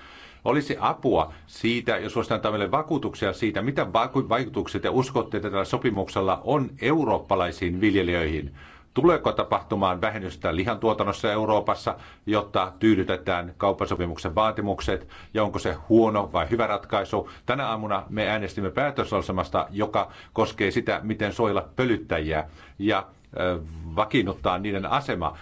Speaker 1: Olisi apua siitä, jos voisi antaa meille vakuutuksia siitä, mitä vaikutukset ja uskotte, että tällä sopimuksella on eurooppalaisiin viljelijöihin – Tuleeko tapahtumaan vähennystä lihantuotannossa Euroopassa, jotta tyydytetään kauppasopimuksen vaatimukset, ja onko se huono vai hyvä ratkaisu? Tänä aamuna me äänestimme päätösolsemasta, joka koskee sitä, miten soilla pölyttäjiä ja vakiinnuttaa niiden asema.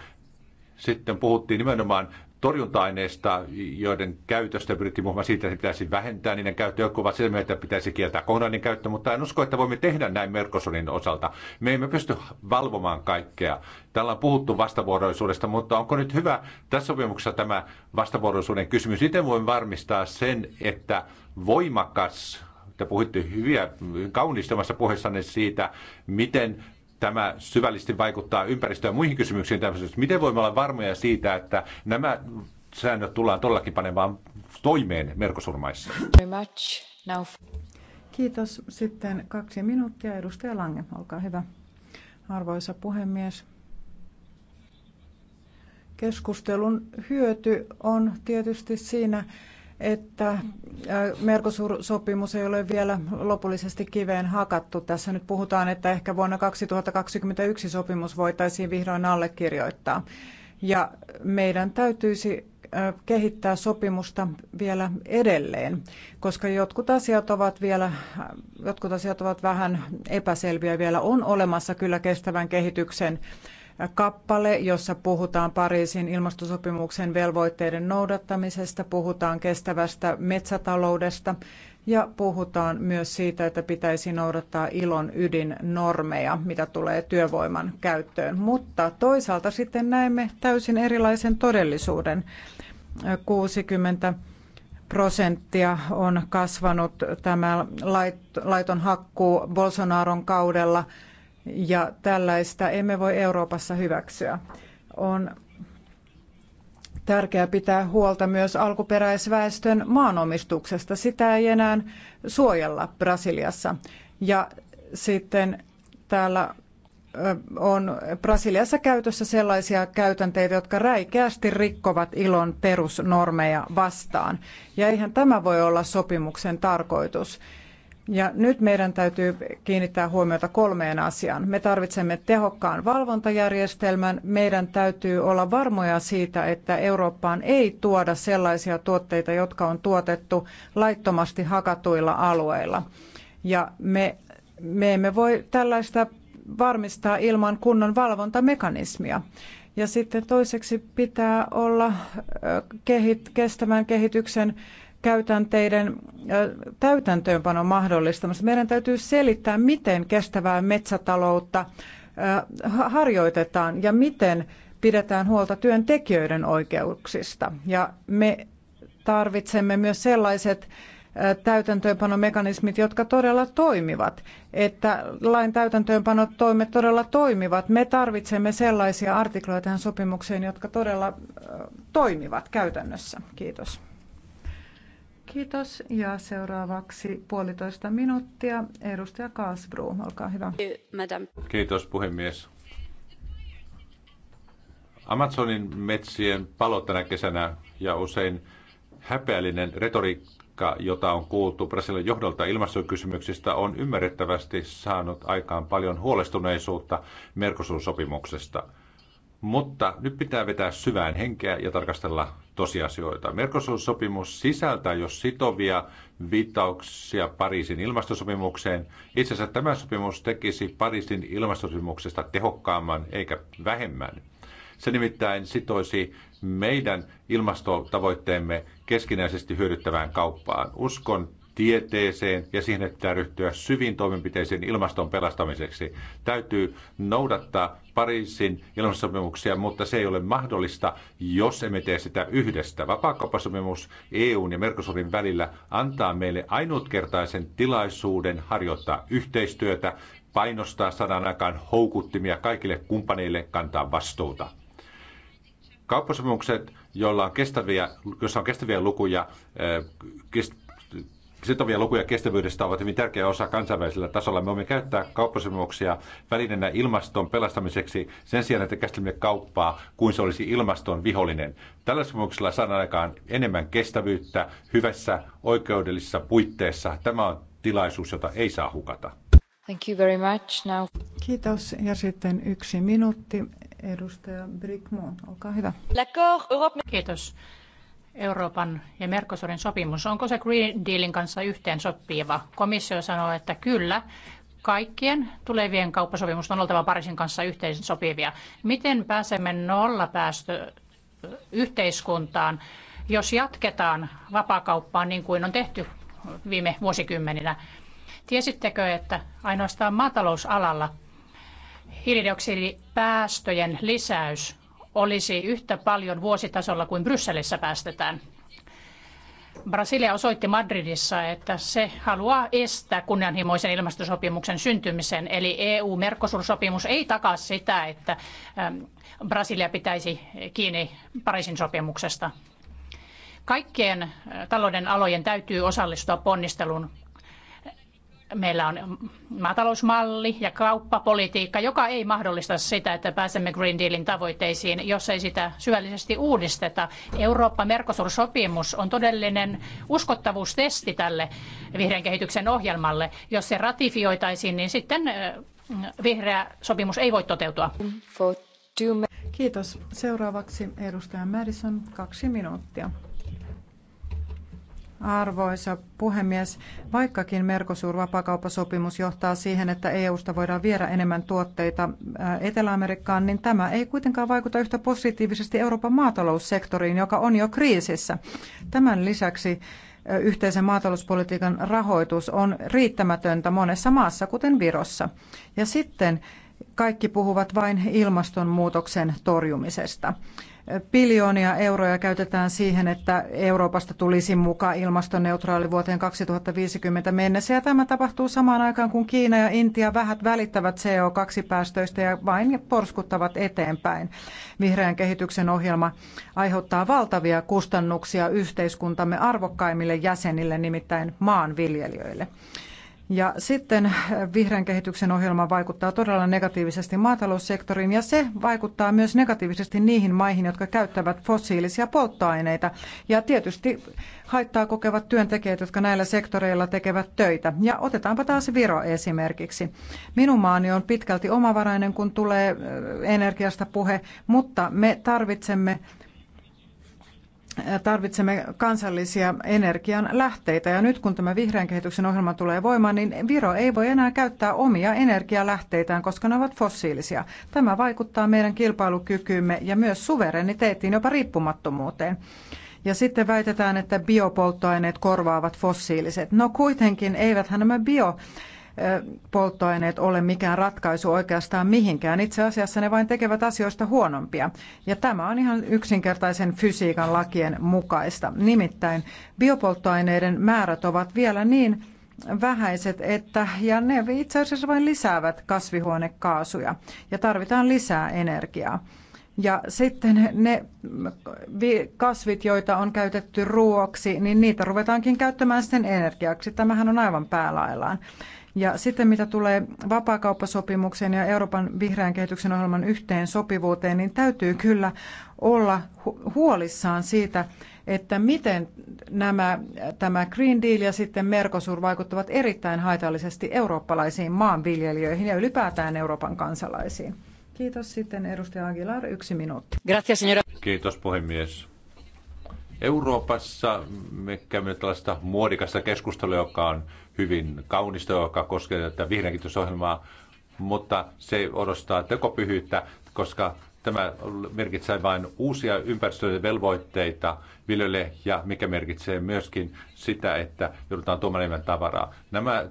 Speaker 1: Sitten puhuttiin nimenomaan torjunta-aineista, joiden käytöstä pyrittiin muun muassa siitä, että pitäisi vähentää niiden käyttöä. Jotkut ovat sitä että pitäisi kieltää kohdannin käyttö, mutta en usko, että voimme tehdä näin Merkosonin osalta. Me emme pysty valvomaan kaikkea. Täällä on puhuttu vastavuoroisuudesta, mutta onko nyt hyvä tässä sopimuksessa tämä vastavuoroisuuden kysymys? Miten voin varmistaa sen, että voimakas te puhuitte hyviä, omassa puheessanne siitä, miten Tämä syvällisesti vaikuttaa ympäristöön ja muihin kysymyksiin. Tämmöisessä. Miten voimme olla varmoja siitä, että nämä säännöt tullaan todellakin panemaan toimeen Merkosurmaissa?
Speaker 2: Kiitos. Sitten kaksi minuuttia. Edustaja Lange, olkaa hyvä. Arvoisa puhemies, keskustelun hyöty on tietysti siinä, että äh, Mercosur-sopimus ei ole vielä lopullisesti kiveen hakattu. Tässä nyt puhutaan, että ehkä vuonna 2021 sopimus voitaisiin vihdoin allekirjoittaa. Ja meidän täytyisi äh, kehittää sopimusta vielä edelleen, koska jotkut asiat ovat vielä, äh, jotkut asiat ovat vähän epäselviä vielä. On olemassa kyllä kestävän kehityksen kappale, jossa puhutaan Pariisin ilmastosopimuksen velvoitteiden noudattamisesta, puhutaan kestävästä metsätaloudesta ja puhutaan myös siitä, että pitäisi noudattaa ilon ydinnormeja, mitä tulee työvoiman käyttöön. Mutta toisaalta sitten näemme täysin erilaisen todellisuuden. 60 prosenttia on kasvanut tämä laiton hakkuu Bolsonaron kaudella ja tällaista emme voi Euroopassa hyväksyä. On tärkeää pitää huolta myös alkuperäisväestön maanomistuksesta. Sitä ei enää suojella Brasiliassa. Ja sitten täällä on Brasiliassa käytössä sellaisia käytänteitä, jotka räikeästi rikkovat ilon perusnormeja vastaan. Ja eihän tämä voi olla sopimuksen tarkoitus. Ja nyt meidän täytyy kiinnittää huomiota kolmeen asiaan. Me tarvitsemme tehokkaan valvontajärjestelmän. Meidän täytyy olla varmoja siitä, että Eurooppaan ei tuoda sellaisia tuotteita, jotka on tuotettu laittomasti hakatuilla alueilla. Ja me, me emme voi tällaista varmistaa ilman kunnon valvontamekanismia. Ja sitten toiseksi pitää olla kehit, kestävän kehityksen käytänteiden täytäntöönpanon mahdollistamassa. Meidän täytyy selittää, miten kestävää metsätaloutta harjoitetaan ja miten pidetään huolta työntekijöiden oikeuksista. Ja me tarvitsemme myös sellaiset täytäntöönpanomekanismit, jotka todella toimivat, että lain täytäntöönpanot toimet todella toimivat. Me tarvitsemme sellaisia artikloja tähän sopimukseen, jotka todella toimivat käytännössä. Kiitos. Kiitos. Ja seuraavaksi puolitoista minuuttia. Edustaja Kaasbru, olkaa hyvä.
Speaker 1: Kiitos puhemies. Amazonin metsien palo tänä kesänä ja usein häpeällinen retoriikka, jota on kuultu Brasilian johdolta ilmastokysymyksistä, on ymmärrettävästi saanut aikaan paljon huolestuneisuutta Merkosuun sopimuksesta Mutta nyt pitää vetää syvään henkeä ja tarkastella tosiasioita. Mercosur-sopimus sisältää jo sitovia viittauksia Pariisin ilmastosopimukseen. Itse asiassa tämä sopimus tekisi Pariisin ilmastosopimuksesta tehokkaamman eikä vähemmän. Se nimittäin sitoisi meidän ilmastotavoitteemme keskinäisesti hyödyttävään kauppaan. Uskon tieteeseen ja siihen, että pitää ryhtyä syviin toimenpiteisiin ilmaston pelastamiseksi. Täytyy noudattaa Pariisin ilmastosopimuksia, mutta se ei ole mahdollista, jos emme tee sitä yhdestä. Vapaakauppasopimus EUn ja Mercosurin välillä antaa meille ainutkertaisen tilaisuuden harjoittaa yhteistyötä, painostaa sadan aikaan houkuttimia kaikille kumppaneille kantaa vastuuta. Kauppasopimukset, joilla on kestäviä, jossa on kestäviä lukuja, eh, sitovia lukuja kestävyydestä ovat hyvin tärkeä osa kansainvälisellä tasolla. Me voimme käyttää kauppasopimuksia välineenä ilmaston pelastamiseksi sen sijaan, että käsittelemme kauppaa kuin se olisi ilmaston vihollinen. Tällä sopimuksella saadaan aikaan enemmän kestävyyttä hyvässä oikeudellisessa puitteissa. Tämä on tilaisuus, jota ei saa hukata.
Speaker 3: Thank you very much. Now.
Speaker 2: Kiitos. Ja sitten yksi minuutti. Edustaja Brickman, olkaa hyvä.
Speaker 4: Kiitos. Euroopan ja Mercosurin sopimus, onko se Green Dealin kanssa yhteen sopiva? Komissio sanoo, että kyllä, kaikkien tulevien kauppasopimusten on oltava Pariisin kanssa yhteen sopivia. Miten pääsemme nollapäästö yhteiskuntaan, jos jatketaan vapaakauppaan niin kuin on tehty viime vuosikymmeninä? Tiesittekö, että ainoastaan maatalousalalla hiilidioksidipäästöjen lisäys olisi yhtä paljon vuositasolla kuin Brysselissä päästetään. Brasilia osoitti Madridissa, että se haluaa estää kunnianhimoisen ilmastosopimuksen syntymisen. Eli EU-Mercosur-sopimus ei takaa sitä, että ähm, Brasilia pitäisi kiinni Pariisin sopimuksesta. Kaikkien äh, talouden alojen täytyy osallistua ponnisteluun meillä on maatalousmalli ja kauppapolitiikka, joka ei mahdollista sitä, että pääsemme Green Dealin tavoitteisiin, jos ei sitä syvällisesti uudisteta. Eurooppa-Mercosur-sopimus on todellinen uskottavuustesti tälle vihreän kehityksen ohjelmalle. Jos se ratifioitaisiin, niin sitten
Speaker 2: vihreä sopimus ei voi toteutua. Kiitos. Seuraavaksi edustaja Madison, kaksi minuuttia. Arvoisa puhemies, vaikkakin Mercosur-vapakauppasopimus johtaa siihen, että EUsta voidaan viedä enemmän tuotteita äh, Etelä-Amerikkaan, niin tämä ei kuitenkaan vaikuta yhtä positiivisesti Euroopan maataloussektoriin, joka on jo kriisissä. Tämän lisäksi äh, yhteisen maatalouspolitiikan rahoitus on riittämätöntä monessa maassa, kuten Virossa. Ja sitten kaikki puhuvat vain ilmastonmuutoksen torjumisesta. Biljoonia euroja käytetään siihen, että Euroopasta tulisi mukaan ilmastoneutraali vuoteen 2050 mennessä. Ja tämä tapahtuu samaan aikaan, kun Kiina ja Intia vähät välittävät CO2-päästöistä ja vain porskuttavat eteenpäin. Vihreän kehityksen ohjelma aiheuttaa valtavia kustannuksia yhteiskuntamme arvokkaimmille jäsenille, nimittäin maanviljelijöille. Ja sitten eh, vihreän kehityksen ohjelma vaikuttaa todella negatiivisesti maataloussektoriin ja se vaikuttaa myös negatiivisesti niihin maihin, jotka käyttävät fossiilisia polttoaineita. Ja tietysti haittaa kokevat työntekijät, jotka näillä sektoreilla tekevät töitä. Ja otetaanpa taas Viro esimerkiksi. Minun maani on pitkälti omavarainen, kun tulee eh, energiasta puhe, mutta me tarvitsemme tarvitsemme kansallisia energian lähteitä. Ja nyt kun tämä vihreän kehityksen ohjelma tulee voimaan, niin Viro ei voi enää käyttää omia energialähteitään, koska ne ovat fossiilisia. Tämä vaikuttaa meidän kilpailukykyymme ja myös suvereniteettiin, jopa riippumattomuuteen. Ja sitten väitetään, että biopolttoaineet korvaavat fossiiliset. No kuitenkin eiväthän nämä bio polttoaineet ole mikään ratkaisu oikeastaan mihinkään. Itse asiassa ne vain tekevät asioista huonompia. Ja tämä on ihan yksinkertaisen fysiikan lakien mukaista. Nimittäin biopolttoaineiden määrät ovat vielä niin vähäiset, että, ja ne itse asiassa vain lisäävät kasvihuonekaasuja ja tarvitaan lisää energiaa. Ja sitten ne kasvit, joita on käytetty ruoaksi, niin niitä ruvetaankin käyttämään sitten energiaksi. Tämähän on aivan päälaillaan. Ja sitten mitä tulee vapaakauppasopimukseen ja Euroopan vihreän kehityksen ohjelman yhteen sopivuuteen, niin täytyy kyllä olla huolissaan siitä, että miten nämä, tämä Green Deal ja sitten Mercosur vaikuttavat erittäin haitallisesti eurooppalaisiin maanviljelijöihin ja ylipäätään Euroopan kansalaisiin. Kiitos sitten edustaja Aguilar, yksi minuutti.
Speaker 1: Kiitos puhemies. Euroopassa me käymme tällaista muodikasta keskustelua, joka on hyvin kaunista, joka koskee tätä vihreänkitysohjelmaa, mutta se odostaa tekopyhyyttä, koska tämä merkitsee vain uusia ympäristöiden velvoitteita viljelle ja mikä merkitsee myöskin sitä, että joudutaan tuomaan enemmän tavaraa. Nämä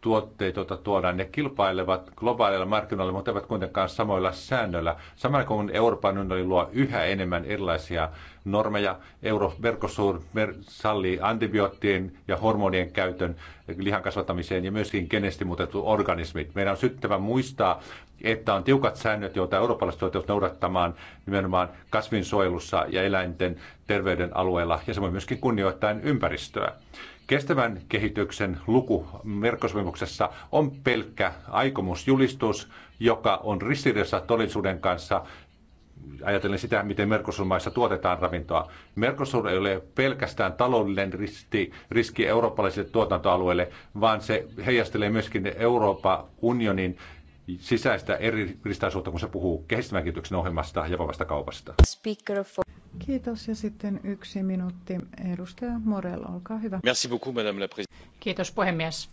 Speaker 1: tuotteet, joita tuodaan, ne kilpailevat globaaleilla markkinoilla, mutta eivät kuitenkaan samoilla säännöillä. Samalla kun Euroopan unioni luo yhä enemmän erilaisia normeja, Euro Mercosur sallii antibioottien ja hormonien käytön lihan kasvattamiseen ja myöskin genestimutetut organismit. Meidän on syttävä muistaa, että on tiukat säännöt, joita eurooppalaiset joutuvat noudattamaan nimenomaan kasvinsuojelussa ja eläinten terveyden alueella ja samoin myöskin kunnioittaa ympäristöä. Kestävän kehityksen luku verkkosopimuksessa on pelkkä aikomusjulistus, joka on ristiriidassa todellisuuden kanssa, ajatellen sitä, miten Mercosur-maissa tuotetaan ravintoa. Mercosur ei ole pelkästään taloudellinen risti riski eurooppalaisille tuotantoalueille, vaan se heijastelee myöskin Euroopan unionin sisäistä eri ristaisuutta, kun se puhuu kestävän kehityksen ohjelmasta ja vapaasta kaupasta.
Speaker 2: Kiitos ja sitten yksi minuutti. Edustaja Morel, olkaa hyvä.
Speaker 1: Merci beaucoup, madame la
Speaker 4: Kiitos puhemies.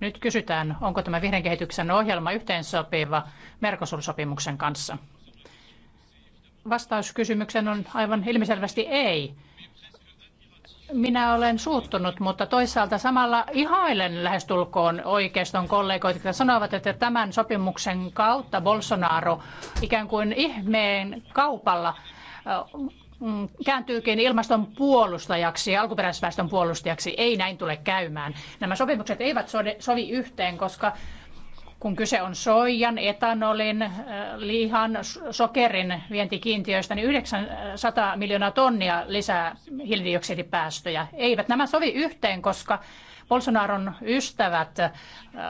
Speaker 4: Nyt kysytään, onko tämä vihreän kehityksen ohjelma yhteensopiva Mercosur-sopimuksen kanssa? Vastaus kysymykseen on aivan ilmiselvästi ei. Minä olen suuttunut, mutta toisaalta samalla ihailen lähestulkoon oikeiston kollegoita, jotka sanovat, että tämän sopimuksen kautta Bolsonaro ikään kuin ihmeen kaupalla Mm, kääntyykin ilmaston puolustajaksi, alkuperäisväestön puolustajaksi. Ei näin tule käymään. Nämä sopimukset eivät sovi yhteen, koska kun kyse on soijan, etanolin, lihan, sokerin vientikiintiöistä, niin 900 miljoonaa tonnia lisää hiilidioksidipäästöjä. Eivät nämä sovi yhteen, koska Bolsonaron ystävät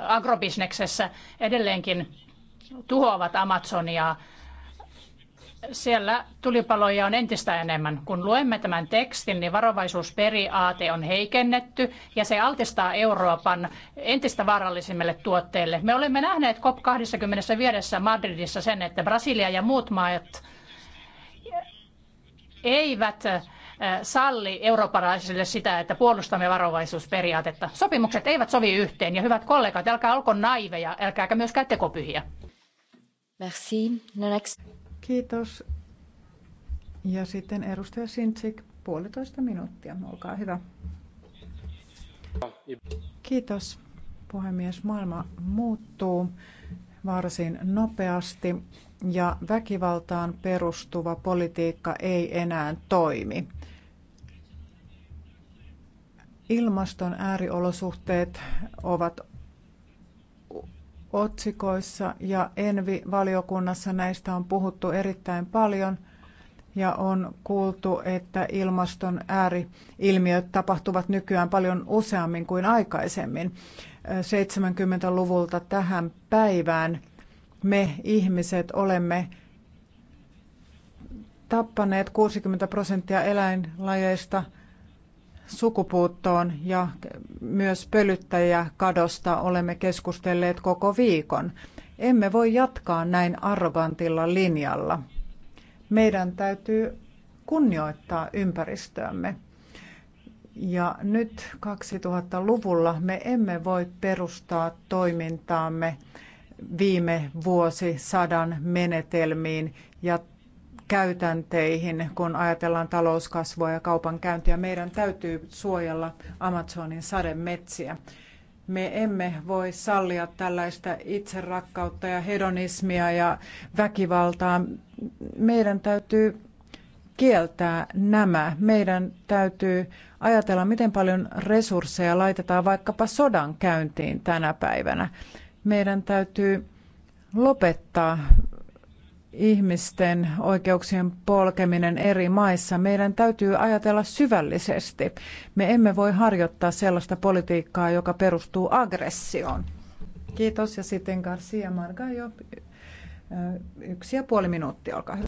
Speaker 4: agrobisneksessä edelleenkin tuhoavat Amazoniaa siellä tulipaloja on entistä enemmän. Kun luemme tämän tekstin, niin varovaisuusperiaate on heikennetty ja se altistaa Euroopan entistä vaarallisimmille tuotteille. Me olemme nähneet COP25 Madridissa sen, että Brasilia ja muut maat eivät äh, salli eurooppalaisille sitä, että puolustamme varovaisuusperiaatetta. Sopimukset eivät sovi yhteen ja hyvät kollegat, älkää olko naiveja, älkääkä myöskään tekopyhiä.
Speaker 2: Merci. No next. Kiitos. Ja sitten edustaja Sintsik, puolitoista minuuttia. Olkaa hyvä. Kiitos, puhemies. Maailma muuttuu varsin nopeasti ja väkivaltaan perustuva politiikka ei enää toimi. Ilmaston ääriolosuhteet ovat otsikoissa ja Envi-valiokunnassa näistä on puhuttu erittäin paljon ja on kuultu, että ilmaston ääriilmiöt tapahtuvat nykyään paljon useammin kuin aikaisemmin. 70-luvulta tähän päivään me ihmiset olemme tappaneet 60 prosenttia eläinlajeista – sukupuuttoon ja myös pölyttäjäkadosta olemme keskustelleet koko viikon. Emme voi jatkaa näin arrogantilla linjalla. Meidän täytyy kunnioittaa ympäristöämme. Ja nyt 2000-luvulla me emme voi perustaa toimintaamme viime vuosisadan menetelmiin ja käytänteihin, kun ajatellaan talouskasvua ja kaupankäyntiä. Meidän täytyy suojella Amazonin sademetsiä. Me emme voi sallia tällaista itserakkautta ja hedonismia ja väkivaltaa. Meidän täytyy kieltää nämä. Meidän täytyy ajatella, miten paljon resursseja laitetaan vaikkapa sodan käyntiin tänä päivänä. Meidän täytyy lopettaa ihmisten oikeuksien polkeminen eri maissa, meidän täytyy ajatella syvällisesti. Me emme voi harjoittaa sellaista politiikkaa, joka perustuu aggressioon. Kiitos ja sitten Garcia jo? Yksi ja puoli minuuttia, olkaa hyvä.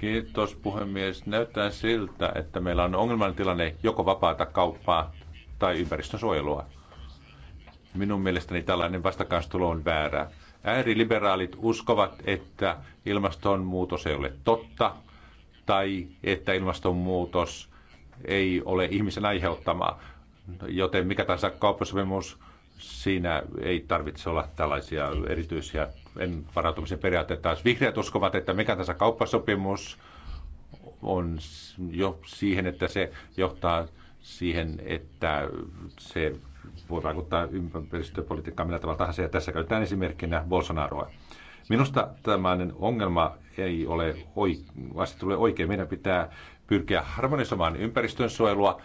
Speaker 1: Kiitos puhemies. Näyttää siltä, että meillä on ongelmallinen tilanne joko vapaata kauppaa tai ympäristönsuojelua. Minun mielestäni tällainen vastakkainastulo on väärä Ääriliberaalit uskovat, että ilmastonmuutos ei ole totta tai että ilmastonmuutos ei ole ihmisen aiheuttamaa. Joten mikä tahansa kauppasopimus, siinä ei tarvitse olla tällaisia erityisiä en varautumisen periaatteita. vihreät uskovat, että mikä tahansa kauppasopimus on jo siihen, että se johtaa siihen, että se voi vaikuttaa ympäristöpolitiikkaan millä tavalla tahansa, ja tässä käytetään esimerkkinä Bolsonaroa. Minusta tämmöinen ongelma ei ole oike, oikein. Meidän pitää pyrkiä harmonisoimaan ympäristönsuojelua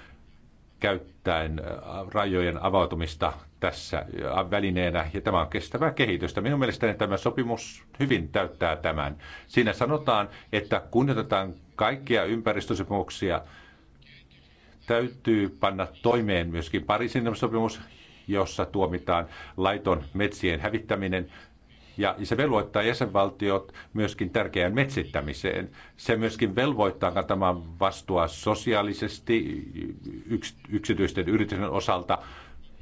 Speaker 1: käyttäen äh, rajojen avautumista tässä äh, välineenä, ja tämä on kestävää kehitystä. Minun mielestäni tämä sopimus hyvin täyttää tämän. Siinä sanotaan, että kunnioitetaan kaikkia ympäristösopimuksia, täytyy panna toimeen myöskin Pariisin sopimus, jossa tuomitaan laiton metsien hävittäminen. Ja se velvoittaa jäsenvaltiot myöskin tärkeään metsittämiseen. Se myöskin velvoittaa kantamaan vastua sosiaalisesti yks, yksityisten yritysten osalta.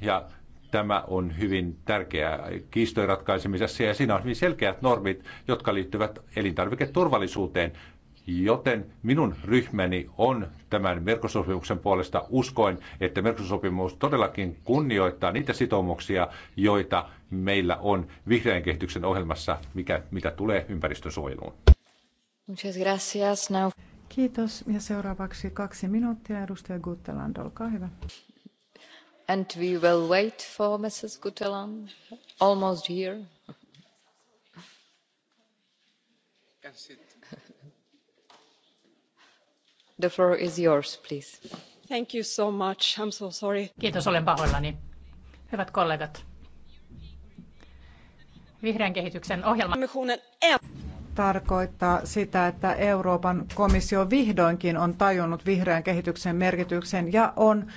Speaker 1: Ja tämä on hyvin tärkeää kiistojen ratkaisemisessa ja siinä on hyvin selkeät normit, jotka liittyvät elintarviketurvallisuuteen. Joten minun ryhmäni on tämän merkosopimuksen puolesta uskoin, että merkosopimus todellakin kunnioittaa niitä sitoumuksia, joita meillä on vihreän kehityksen ohjelmassa, mikä, mitä tulee ympäristönsuojeluun.
Speaker 2: Kiitos. Ja seuraavaksi kaksi minuuttia. Edustaja Gutteland, olkaa hyvä.
Speaker 1: And we will wait for Mrs. Gutteland, almost here.
Speaker 5: Can sit
Speaker 2: The floor is yours, please. Thank you so much. I'm so
Speaker 4: sorry. Kiitos, olen pahoillani. Hyvät kollegat. Vihreän kehityksen ohjelma
Speaker 2: tarkoittaa sitä, että Euroopan komissio vihdoinkin on tajunnut vihreän kehityksen merkityksen ja on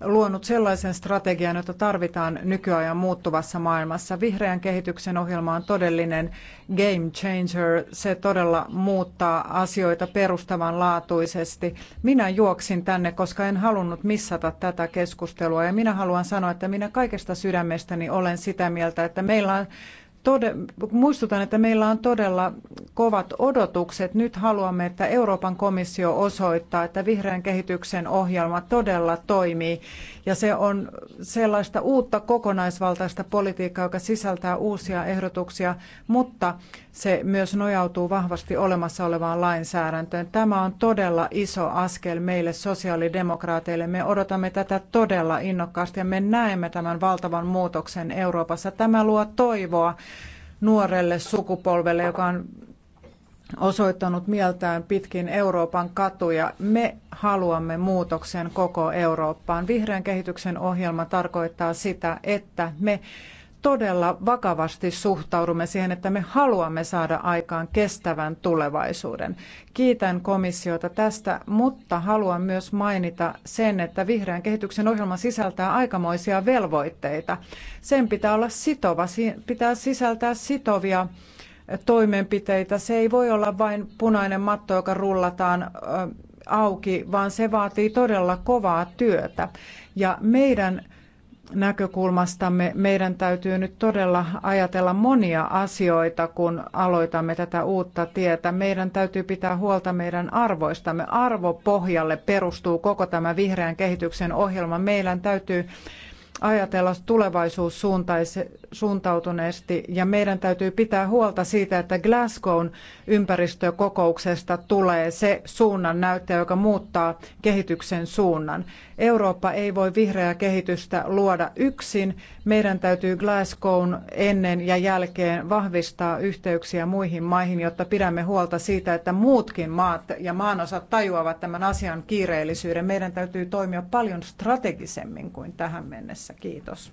Speaker 2: luonut sellaisen strategian, jota tarvitaan nykyajan muuttuvassa maailmassa. Vihreän kehityksen ohjelma on todellinen game changer. Se todella muuttaa asioita perustavanlaatuisesti. Minä juoksin tänne, koska en halunnut missata tätä keskustelua. Ja minä haluan sanoa, että minä kaikesta sydämestäni olen sitä mieltä, että meillä on tode, muistutan, että meillä on todella kovat odotukset. Nyt haluamme, että Euroopan komissio osoittaa, että vihreän kehityksen ohjelma todella toimii. Ja se on sellaista uutta kokonaisvaltaista politiikkaa, joka sisältää uusia ehdotuksia, mutta se myös nojautuu vahvasti olemassa olevaan lainsäädäntöön. Tämä on todella iso askel meille sosiaalidemokraateille. Me odotamme tätä todella innokkaasti ja me näemme tämän valtavan muutoksen Euroopassa. Tämä luo toivoa nuorelle sukupolvelle, joka on osoittanut mieltään pitkin Euroopan katuja. Me haluamme muutoksen koko Eurooppaan. Vihreän kehityksen ohjelma tarkoittaa sitä, että me todella vakavasti suhtaudumme siihen, että me haluamme saada aikaan kestävän tulevaisuuden. Kiitän komissiota tästä, mutta haluan myös mainita sen, että vihreän kehityksen ohjelma sisältää aikamoisia velvoitteita. Sen pitää olla sitova, pitää sisältää sitovia toimenpiteitä. Se ei voi olla vain punainen matto, joka rullataan auki, vaan se vaatii todella kovaa työtä. Ja meidän näkökulmastamme meidän täytyy nyt todella ajatella monia asioita, kun aloitamme tätä uutta tietä. Meidän täytyy pitää huolta meidän arvoistamme. Arvopohjalle perustuu koko tämä vihreän kehityksen ohjelma. Meidän täytyy ajatella tulevaisuussuuntaisesti suuntautuneesti ja meidän täytyy pitää huolta siitä, että Glasgown ympäristökokouksesta tulee se suunnannäyttäjä, joka muuttaa kehityksen suunnan. Eurooppa ei voi vihreää kehitystä luoda yksin. Meidän täytyy Glasgown ennen ja jälkeen vahvistaa yhteyksiä muihin maihin, jotta pidämme huolta siitä, että muutkin maat ja maanosat tajuavat tämän asian kiireellisyyden. Meidän täytyy toimia paljon strategisemmin kuin tähän mennessä. Kiitos.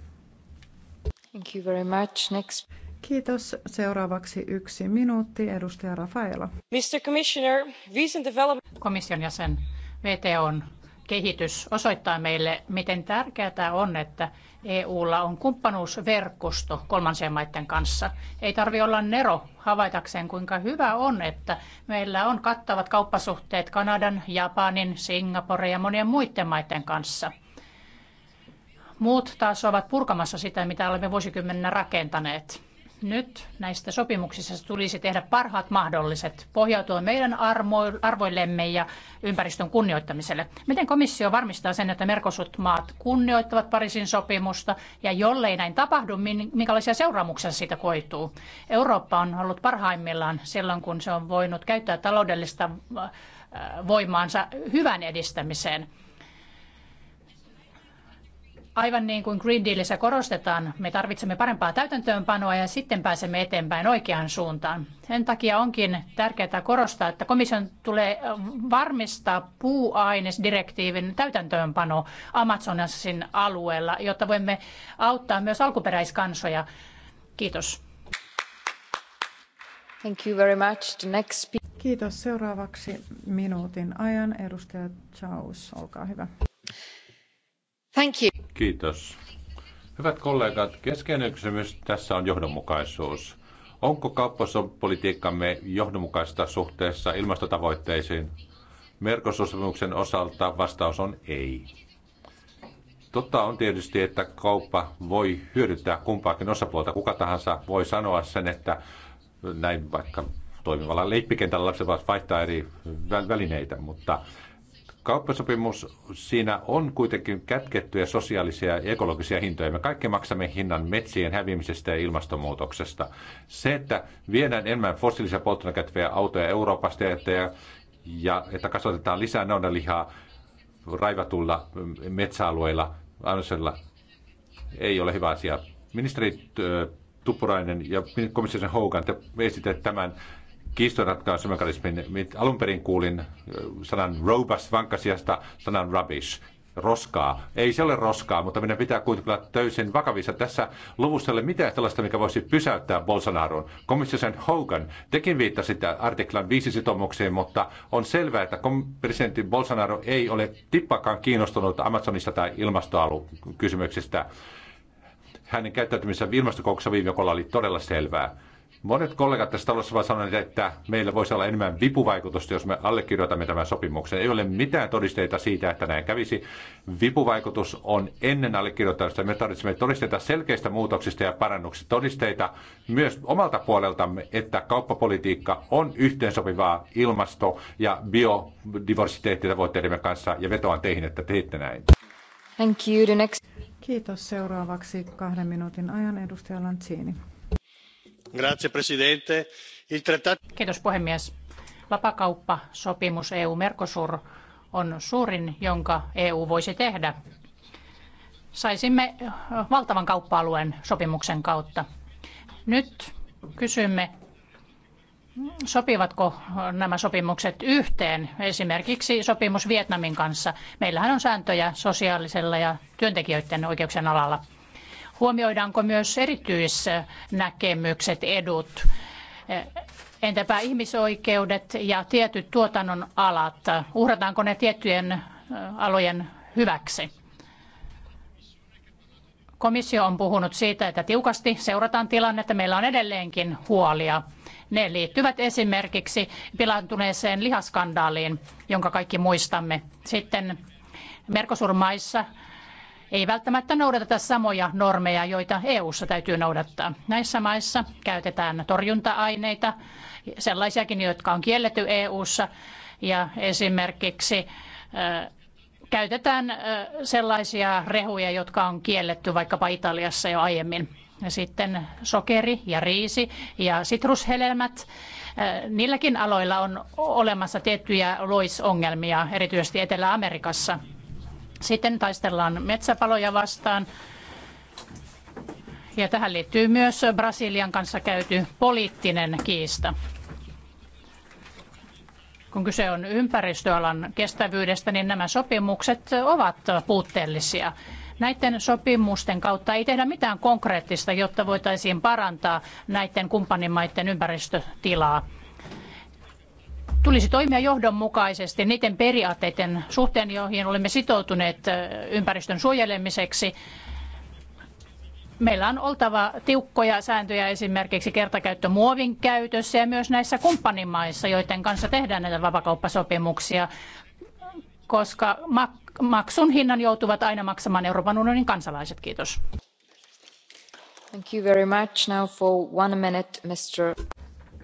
Speaker 2: Thank you very much. Next. Kiitos. Seuraavaksi yksi minuutti, edustaja Rafaela.
Speaker 3: Mr. Commissioner, recent
Speaker 4: development... Komission jäsen, VTOn kehitys osoittaa meille, miten tärkeää on, että EUlla on kumppanuusverkosto kolmansien maiden kanssa. Ei tarvitse olla nero havaitakseen, kuinka hyvä on, että meillä on kattavat kauppasuhteet Kanadan, Japanin, Singaporen ja monien muiden maiden kanssa – Muut taas ovat purkamassa sitä, mitä olemme vuosikymmenenä rakentaneet. Nyt näistä sopimuksista tulisi tehdä parhaat mahdolliset, pohjautua meidän arvoillemme ja ympäristön kunnioittamiselle. Miten komissio varmistaa sen, että merkosut maat kunnioittavat Pariisin sopimusta ja jollei näin tapahdu, minkälaisia seuraamuksia siitä koituu? Eurooppa on ollut parhaimmillaan silloin, kun se on voinut käyttää taloudellista äh, voimaansa hyvän edistämiseen – Aivan niin kuin Green Dealissä korostetaan, me tarvitsemme parempaa täytäntöönpanoa ja sitten pääsemme eteenpäin oikeaan suuntaan. Sen takia onkin tärkeää korostaa, että komission tulee varmistaa puuainesdirektiivin täytäntöönpano Amazonasin alueella, jotta voimme auttaa myös alkuperäiskansoja. Kiitos.
Speaker 2: Thank you very much. The next... Kiitos. Seuraavaksi minuutin ajan edustaja Chaus, olkaa hyvä. Thank you.
Speaker 1: Kiitos. Hyvät kollegat, keskeinen kysymys tässä on johdonmukaisuus. Onko kauppapolitiikkamme johdonmukaista suhteessa ilmastotavoitteisiin? Merkosuusopimuksen osalta vastaus on ei. Totta on tietysti, että kauppa voi hyödyttää kumpaakin osapuolta. Kuka tahansa voi sanoa sen, että näin vaikka toimivalla leippikentällä lapset vaihtaa eri välineitä, mutta Kauppasopimus, siinä on kuitenkin kätkettyjä sosiaalisia ja ekologisia hintoja. Me kaikki maksamme hinnan metsien häviämisestä ja ilmastonmuutoksesta. Se, että viedään enemmän fossiilisia polttoainekätviä autoja Euroopasta ja, ja että kasvatetaan lisää naudanlihaa raivatulla metsäalueilla, annosella, ei ole hyvä asia. Ministeri äh, Tuppurainen ja komission Hogan, te esitette tämän kiistoratkaisumekanismin. Alun perin kuulin äh, sanan robust vankkasiasta sanan rubbish roskaa. Ei se ole roskaa, mutta meidän pitää kuitenkin olla täysin vakavissa. Tässä luvussa ei ole mitään sellaista, mikä voisi pysäyttää Komissio Komissiosen Hogan, tekin sitä artiklan viisi sitoumukseen, mutta on selvää, että presidentti Bolsonaro ei ole tippakaan kiinnostunut Amazonista tai ilmastoalukysymyksistä. Hänen käyttäytymisensä ilmastokouksessa viime viikolla oli todella selvää. Monet kollegat tässä talossa ovat sanoneet, että meillä voisi olla enemmän vipuvaikutusta, jos me allekirjoitamme tämän sopimuksen. Ei ole mitään todisteita siitä, että näin kävisi. Vipuvaikutus on ennen allekirjoittamista. Me tarvitsemme todisteita selkeistä muutoksista ja parannuksista. Todisteita myös omalta puoleltamme, että kauppapolitiikka on yhteensopivaa ilmasto- ja biodiversiteettitavoitteidemme kanssa. Ja vetoan teihin, että teitte näin.
Speaker 2: Thank you. The next... Kiitos. Seuraavaksi kahden minuutin ajan edustaja Lantzini arvoisa puhemies. vapaakauppasopimus
Speaker 4: EU-Mercosur on suurin, jonka EU voisi tehdä. Saisimme valtavan kauppa-alueen sopimuksen kautta. Nyt kysymme, sopivatko nämä sopimukset yhteen, esimerkiksi sopimus Vietnamin kanssa. Meillähän on sääntöjä sosiaalisella ja työntekijöiden oikeuksien alalla. Huomioidaanko myös erityisnäkemykset, edut? Entäpä ihmisoikeudet ja tietyt tuotannon alat? Uhrataanko ne tiettyjen alojen hyväksi? Komissio on puhunut siitä, että tiukasti seurataan tilannetta. Meillä on edelleenkin huolia. Ne liittyvät esimerkiksi pilantuneeseen lihaskandaaliin, jonka kaikki muistamme. Sitten Merkosurmaissa ei välttämättä noudateta samoja normeja, joita EU:ssa täytyy noudattaa. Näissä maissa käytetään torjunta-aineita, sellaisiakin, jotka on kielletty EU:ssa, ja esimerkiksi käytetään sellaisia rehuja, jotka on kielletty vaikkapa Italiassa jo aiemmin. Ja sitten sokeri ja riisi ja sitrushedelmät. Niilläkin aloilla on olemassa tiettyjä loisongelmia, erityisesti Etelä-Amerikassa. Sitten taistellaan metsäpaloja vastaan. Ja tähän liittyy myös Brasilian kanssa käyty poliittinen kiista. Kun kyse on ympäristöalan kestävyydestä, niin nämä sopimukset ovat puutteellisia. Näiden sopimusten kautta ei tehdä mitään konkreettista, jotta voitaisiin parantaa näiden kumppanimaiden ympäristötilaa tulisi toimia johdonmukaisesti niiden periaatteiden suhteen, joihin olemme sitoutuneet ympäristön suojelemiseksi. Meillä on oltava tiukkoja sääntöjä esimerkiksi kertakäyttömuovin käytössä ja myös näissä kumppanimaissa, joiden kanssa tehdään näitä vapakauppasopimuksia, koska maksun hinnan joutuvat aina maksamaan Euroopan unionin kansalaiset. Kiitos.
Speaker 2: Thank you very much. Now for one minute,
Speaker 6: Mr.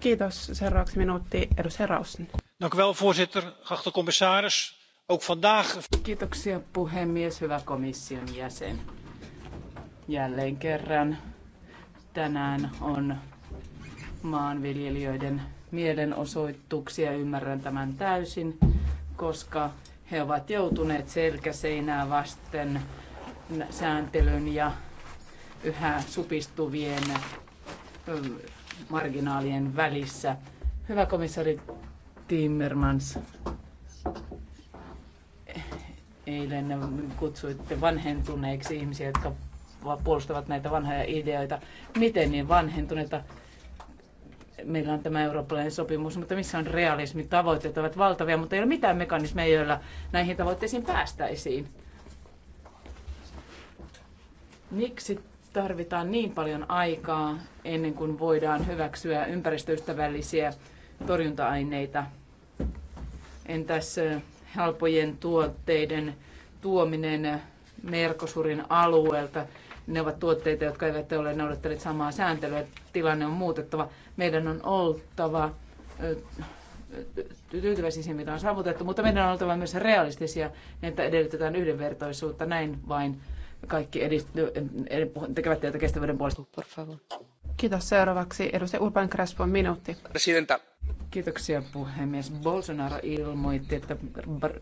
Speaker 6: Kiitos. Seuraavaksi minuutti edustaja Rausin.
Speaker 5: Dank u voorzitter. Geachte commissaris, ook vandaag... Kiitoksia puhemies, hyvä komission jäsen. Jälleen kerran tänään on maanviljelijöiden mielenosoituksia. Ymmärrän tämän täysin, koska he ovat joutuneet selkäseinää vasten sääntelyn ja yhä supistuvien marginaalien välissä. Hyvä komissari Timmermans, eilen kutsuitte vanhentuneiksi ihmisiä, jotka puolustavat näitä vanhoja ideoita. Miten niin vanhentuneita? Meillä on tämä eurooppalainen sopimus, mutta missä on realismi? Tavoitteet ovat valtavia, mutta ei ole mitään mekanismeja, joilla näihin tavoitteisiin päästäisiin. Miksi tarvitaan niin paljon aikaa ennen kuin voidaan hyväksyä ympäristöystävällisiä torjunta-aineita. Entäs halpojen tuotteiden tuominen Merkosurin alueelta? Ne ovat tuotteita, jotka eivät ole noudattaneet samaa sääntelyä. Tilanne on muutettava. Meidän on oltava tyytyväisiä siihen, mitä on saavutettu, mutta meidän on oltava myös realistisia, että edellytetään yhdenvertaisuutta. Näin vain kaikki edisty, tekevät työtä kestävyyden puolesta. Por favor. Kiitos. Seuraavaksi edustaja Urban Crespo, minuutti. Presidenta. Kiitoksia puhemies. Bolsonaro ilmoitti, että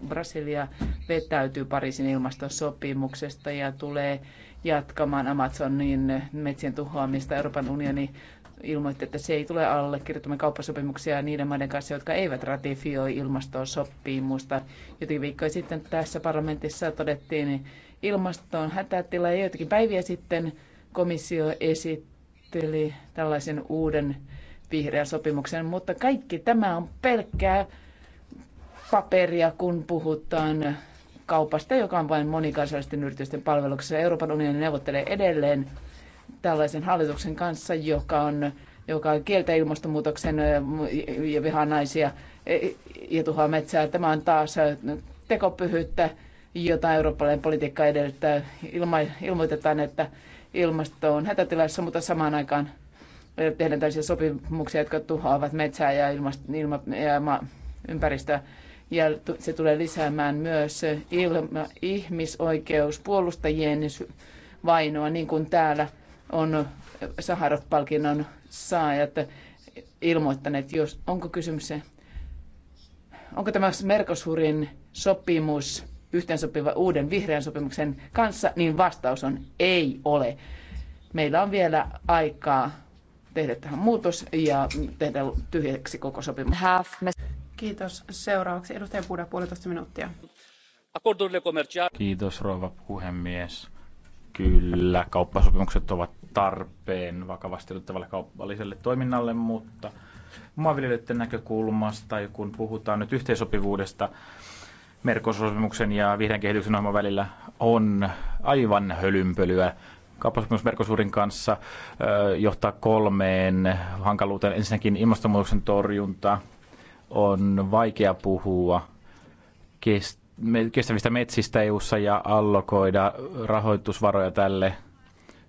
Speaker 5: Brasilia vetäytyy Pariisin ilmastosopimuksesta ja tulee jatkamaan Amazonin metsien tuhoamista. Euroopan unioni ilmoitti, että se ei tule allekirjoittamaan kauppasopimuksia niiden maiden kanssa, jotka eivät ratifioi sopimusta. Jotenkin viikkoja sitten tässä parlamentissa todettiin ilmastoon hätätila ja joitakin päiviä sitten komissio esitteli tällaisen uuden vihreän sopimuksen, mutta kaikki tämä on pelkkää paperia, kun puhutaan kaupasta, joka on vain monikansallisten yritysten palveluksessa. Euroopan unioni neuvottelee edelleen tällaisen hallituksen kanssa, joka on joka kieltää ilmastonmuutoksen ja vihaa naisia e, ja tuhoaa metsää. Tämä on taas tekopyhyyttä, jota eurooppalainen politiikka edellyttää. Ilma, ilmoitetaan, että ilmasto on hätätilassa, mutta samaan aikaan tehdään tällaisia sopimuksia, jotka tuhoavat metsää ja, ilmast, ilma, ja ma, ympäristöä. Ja se tulee lisäämään myös ilma, puolustajien vainoa, niin kuin täällä – on Saharov-palkinnon saajat ilmoittaneet, jos, onko kysymys se, onko tämä Merkosurin sopimus yhteensopiva uuden vihreän sopimuksen kanssa, niin vastaus on ei ole. Meillä on vielä aikaa tehdä tähän muutos
Speaker 6: ja tehdä tyhjäksi koko sopimus. Kiitos. Seuraavaksi edustaja Puda, puolitoista minuuttia.
Speaker 3: Kiitos rouva puhemies. Kyllä, kauppasopimukset ovat tarpeen vakavasti otettavalle kaupalliselle toiminnalle, mutta maanviljelijöiden näkökulmasta, kun puhutaan nyt yhteensopivuudesta Merkosopimuksen ja vihreän kehityksen ohjelman välillä, on aivan hölympölyä. Kauppasopimus Merkosurin kanssa johtaa kolmeen hankaluuteen. Ensinnäkin ilmastonmuutoksen torjunta on vaikea puhua kestävistä metsistä EU-ssa ja allokoida rahoitusvaroja tälle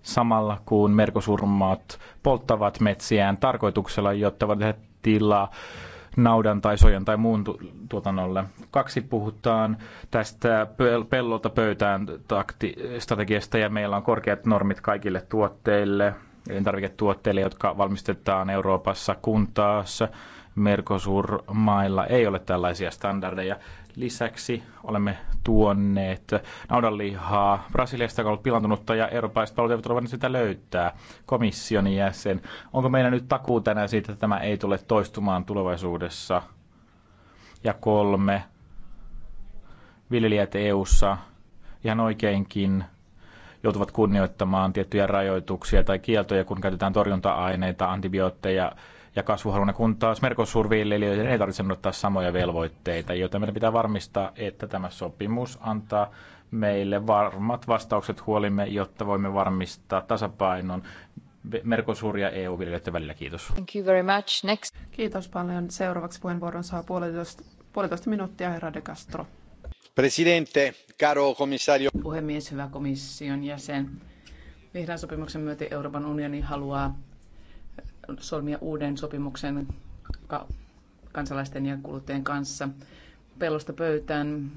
Speaker 3: samalla kun merkosurmaat polttavat metsiään tarkoituksella, jotta voivat tilaa naudan tai sojan tai muun tuotannolle. Kaksi puhutaan tästä pellolta pöytään takti- strategiasta ja meillä on korkeat normit kaikille tuotteille, elintarviketuotteille, jotka valmistetaan Euroopassa, kuntaassa taas Mercosur-mailla ei ole tällaisia standardeja. Lisäksi olemme tuonneet naudanlihaa Brasiliasta, joka on ollut pilantunutta ja eurooppalaiset palvelut eivät ole sitä löytää. Komission jäsen. Onko meillä nyt takuu tänään siitä, että tämä ei tule toistumaan tulevaisuudessa? Ja kolme. Viljelijät EU-ssa ihan oikeinkin joutuvat kunnioittamaan tiettyjä rajoituksia tai kieltoja, kun käytetään torjunta-aineita, antibiootteja ja kasvuhaluinen, kun taas Mercosur-viljelijöiden ei tarvitse ottaa samoja velvoitteita, joten meidän pitää varmistaa, että tämä sopimus antaa meille varmat vastaukset huolimme, jotta voimme varmistaa tasapainon Mercosur ja EU-viljelijöiden välillä. Kiitos.
Speaker 6: Thank you very much. Next. Kiitos paljon. Seuraavaksi puheenvuoron saa puolitoista, puolitoista minuuttia herra de Castro.
Speaker 3: Presidente, caro komissario.
Speaker 5: Puhemies, hyvä komission jäsen. Vihreän sopimuksen myötä Euroopan unioni haluaa solmia uuden sopimuksen kansalaisten ja kuluttajien kanssa. Pelosta pöytään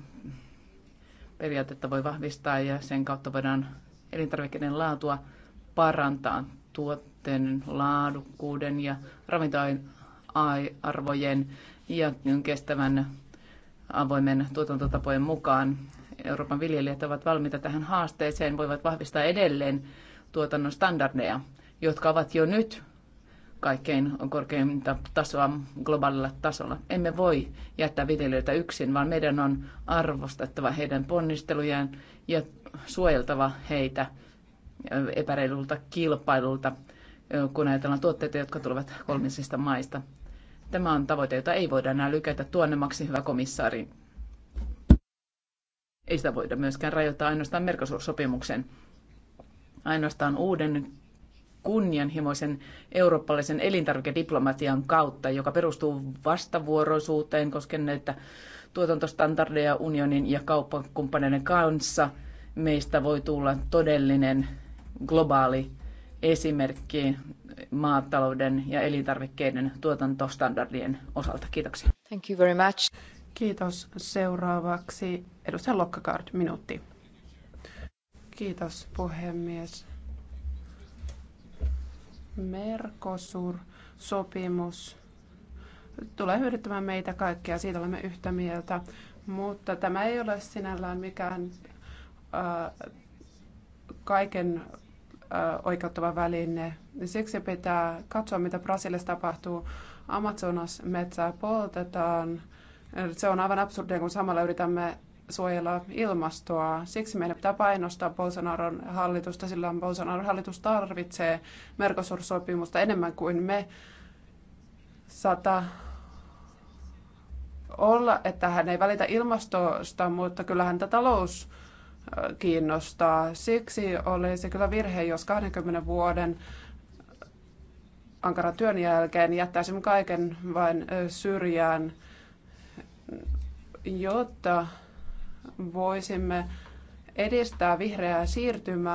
Speaker 5: periaatetta voi vahvistaa ja sen kautta voidaan elintarvikkeiden laatua parantaa tuotteen laadukkuuden ja ravintoarvojen ja kestävän avoimen tuotantotapojen mukaan. Euroopan viljelijät ovat valmiita tähän haasteeseen, voivat vahvistaa edelleen tuotannon standardeja, jotka ovat jo nyt kaikkein korkeinta tasoa globaalilla tasolla. Emme voi jättää viljelijöitä yksin, vaan meidän on arvostettava heidän ponnistelujaan ja suojeltava heitä epäreilulta kilpailulta, kun ajatellaan tuotteita, jotka tulevat kolmisista maista. Tämä on tavoite, jota ei voida enää lykätä tuonnemmaksi, hyvä komissaari. Ei sitä voida myöskään rajoittaa ainoastaan Mercosur-sopimuksen. Ainoastaan uuden kunnianhimoisen eurooppalaisen elintarvikediplomatian kautta, joka perustuu vastavuoroisuuteen koskien näitä tuotantostandardeja unionin ja kauppakumppaneiden kanssa. Meistä voi tulla todellinen globaali esimerkki maatalouden ja elintarvikkeiden tuotantostandardien osalta. Kiitoksia.
Speaker 6: Thank you very much. Kiitos. Seuraavaksi edustaja Lokkakaart, minuutti. Kiitos puhemies. Mercosur-sopimus tulee hyödyttämään meitä kaikkia, siitä olemme yhtä mieltä, mutta tämä ei ole sinällään mikään kaiken oikeuttava väline. Siksi pitää katsoa, mitä Brasiliassa tapahtuu. Amazonas metsää poltetaan. Se on aivan absurdia, kun samalla yritämme suojella ilmastoa. Siksi meidän pitää painostaa Bolsonaron hallitusta, sillä Bolsonaron hallitus tarvitsee Mercosur-sopimusta enemmän kuin me. Sata olla, että hän ei välitä ilmastosta, mutta kyllä häntä talous kiinnostaa. Siksi olisi kyllä virhe, jos 20 vuoden ankaran työn jälkeen jättäisimme kaiken vain syrjään, jotta voisimme edistää vihreää siirtymää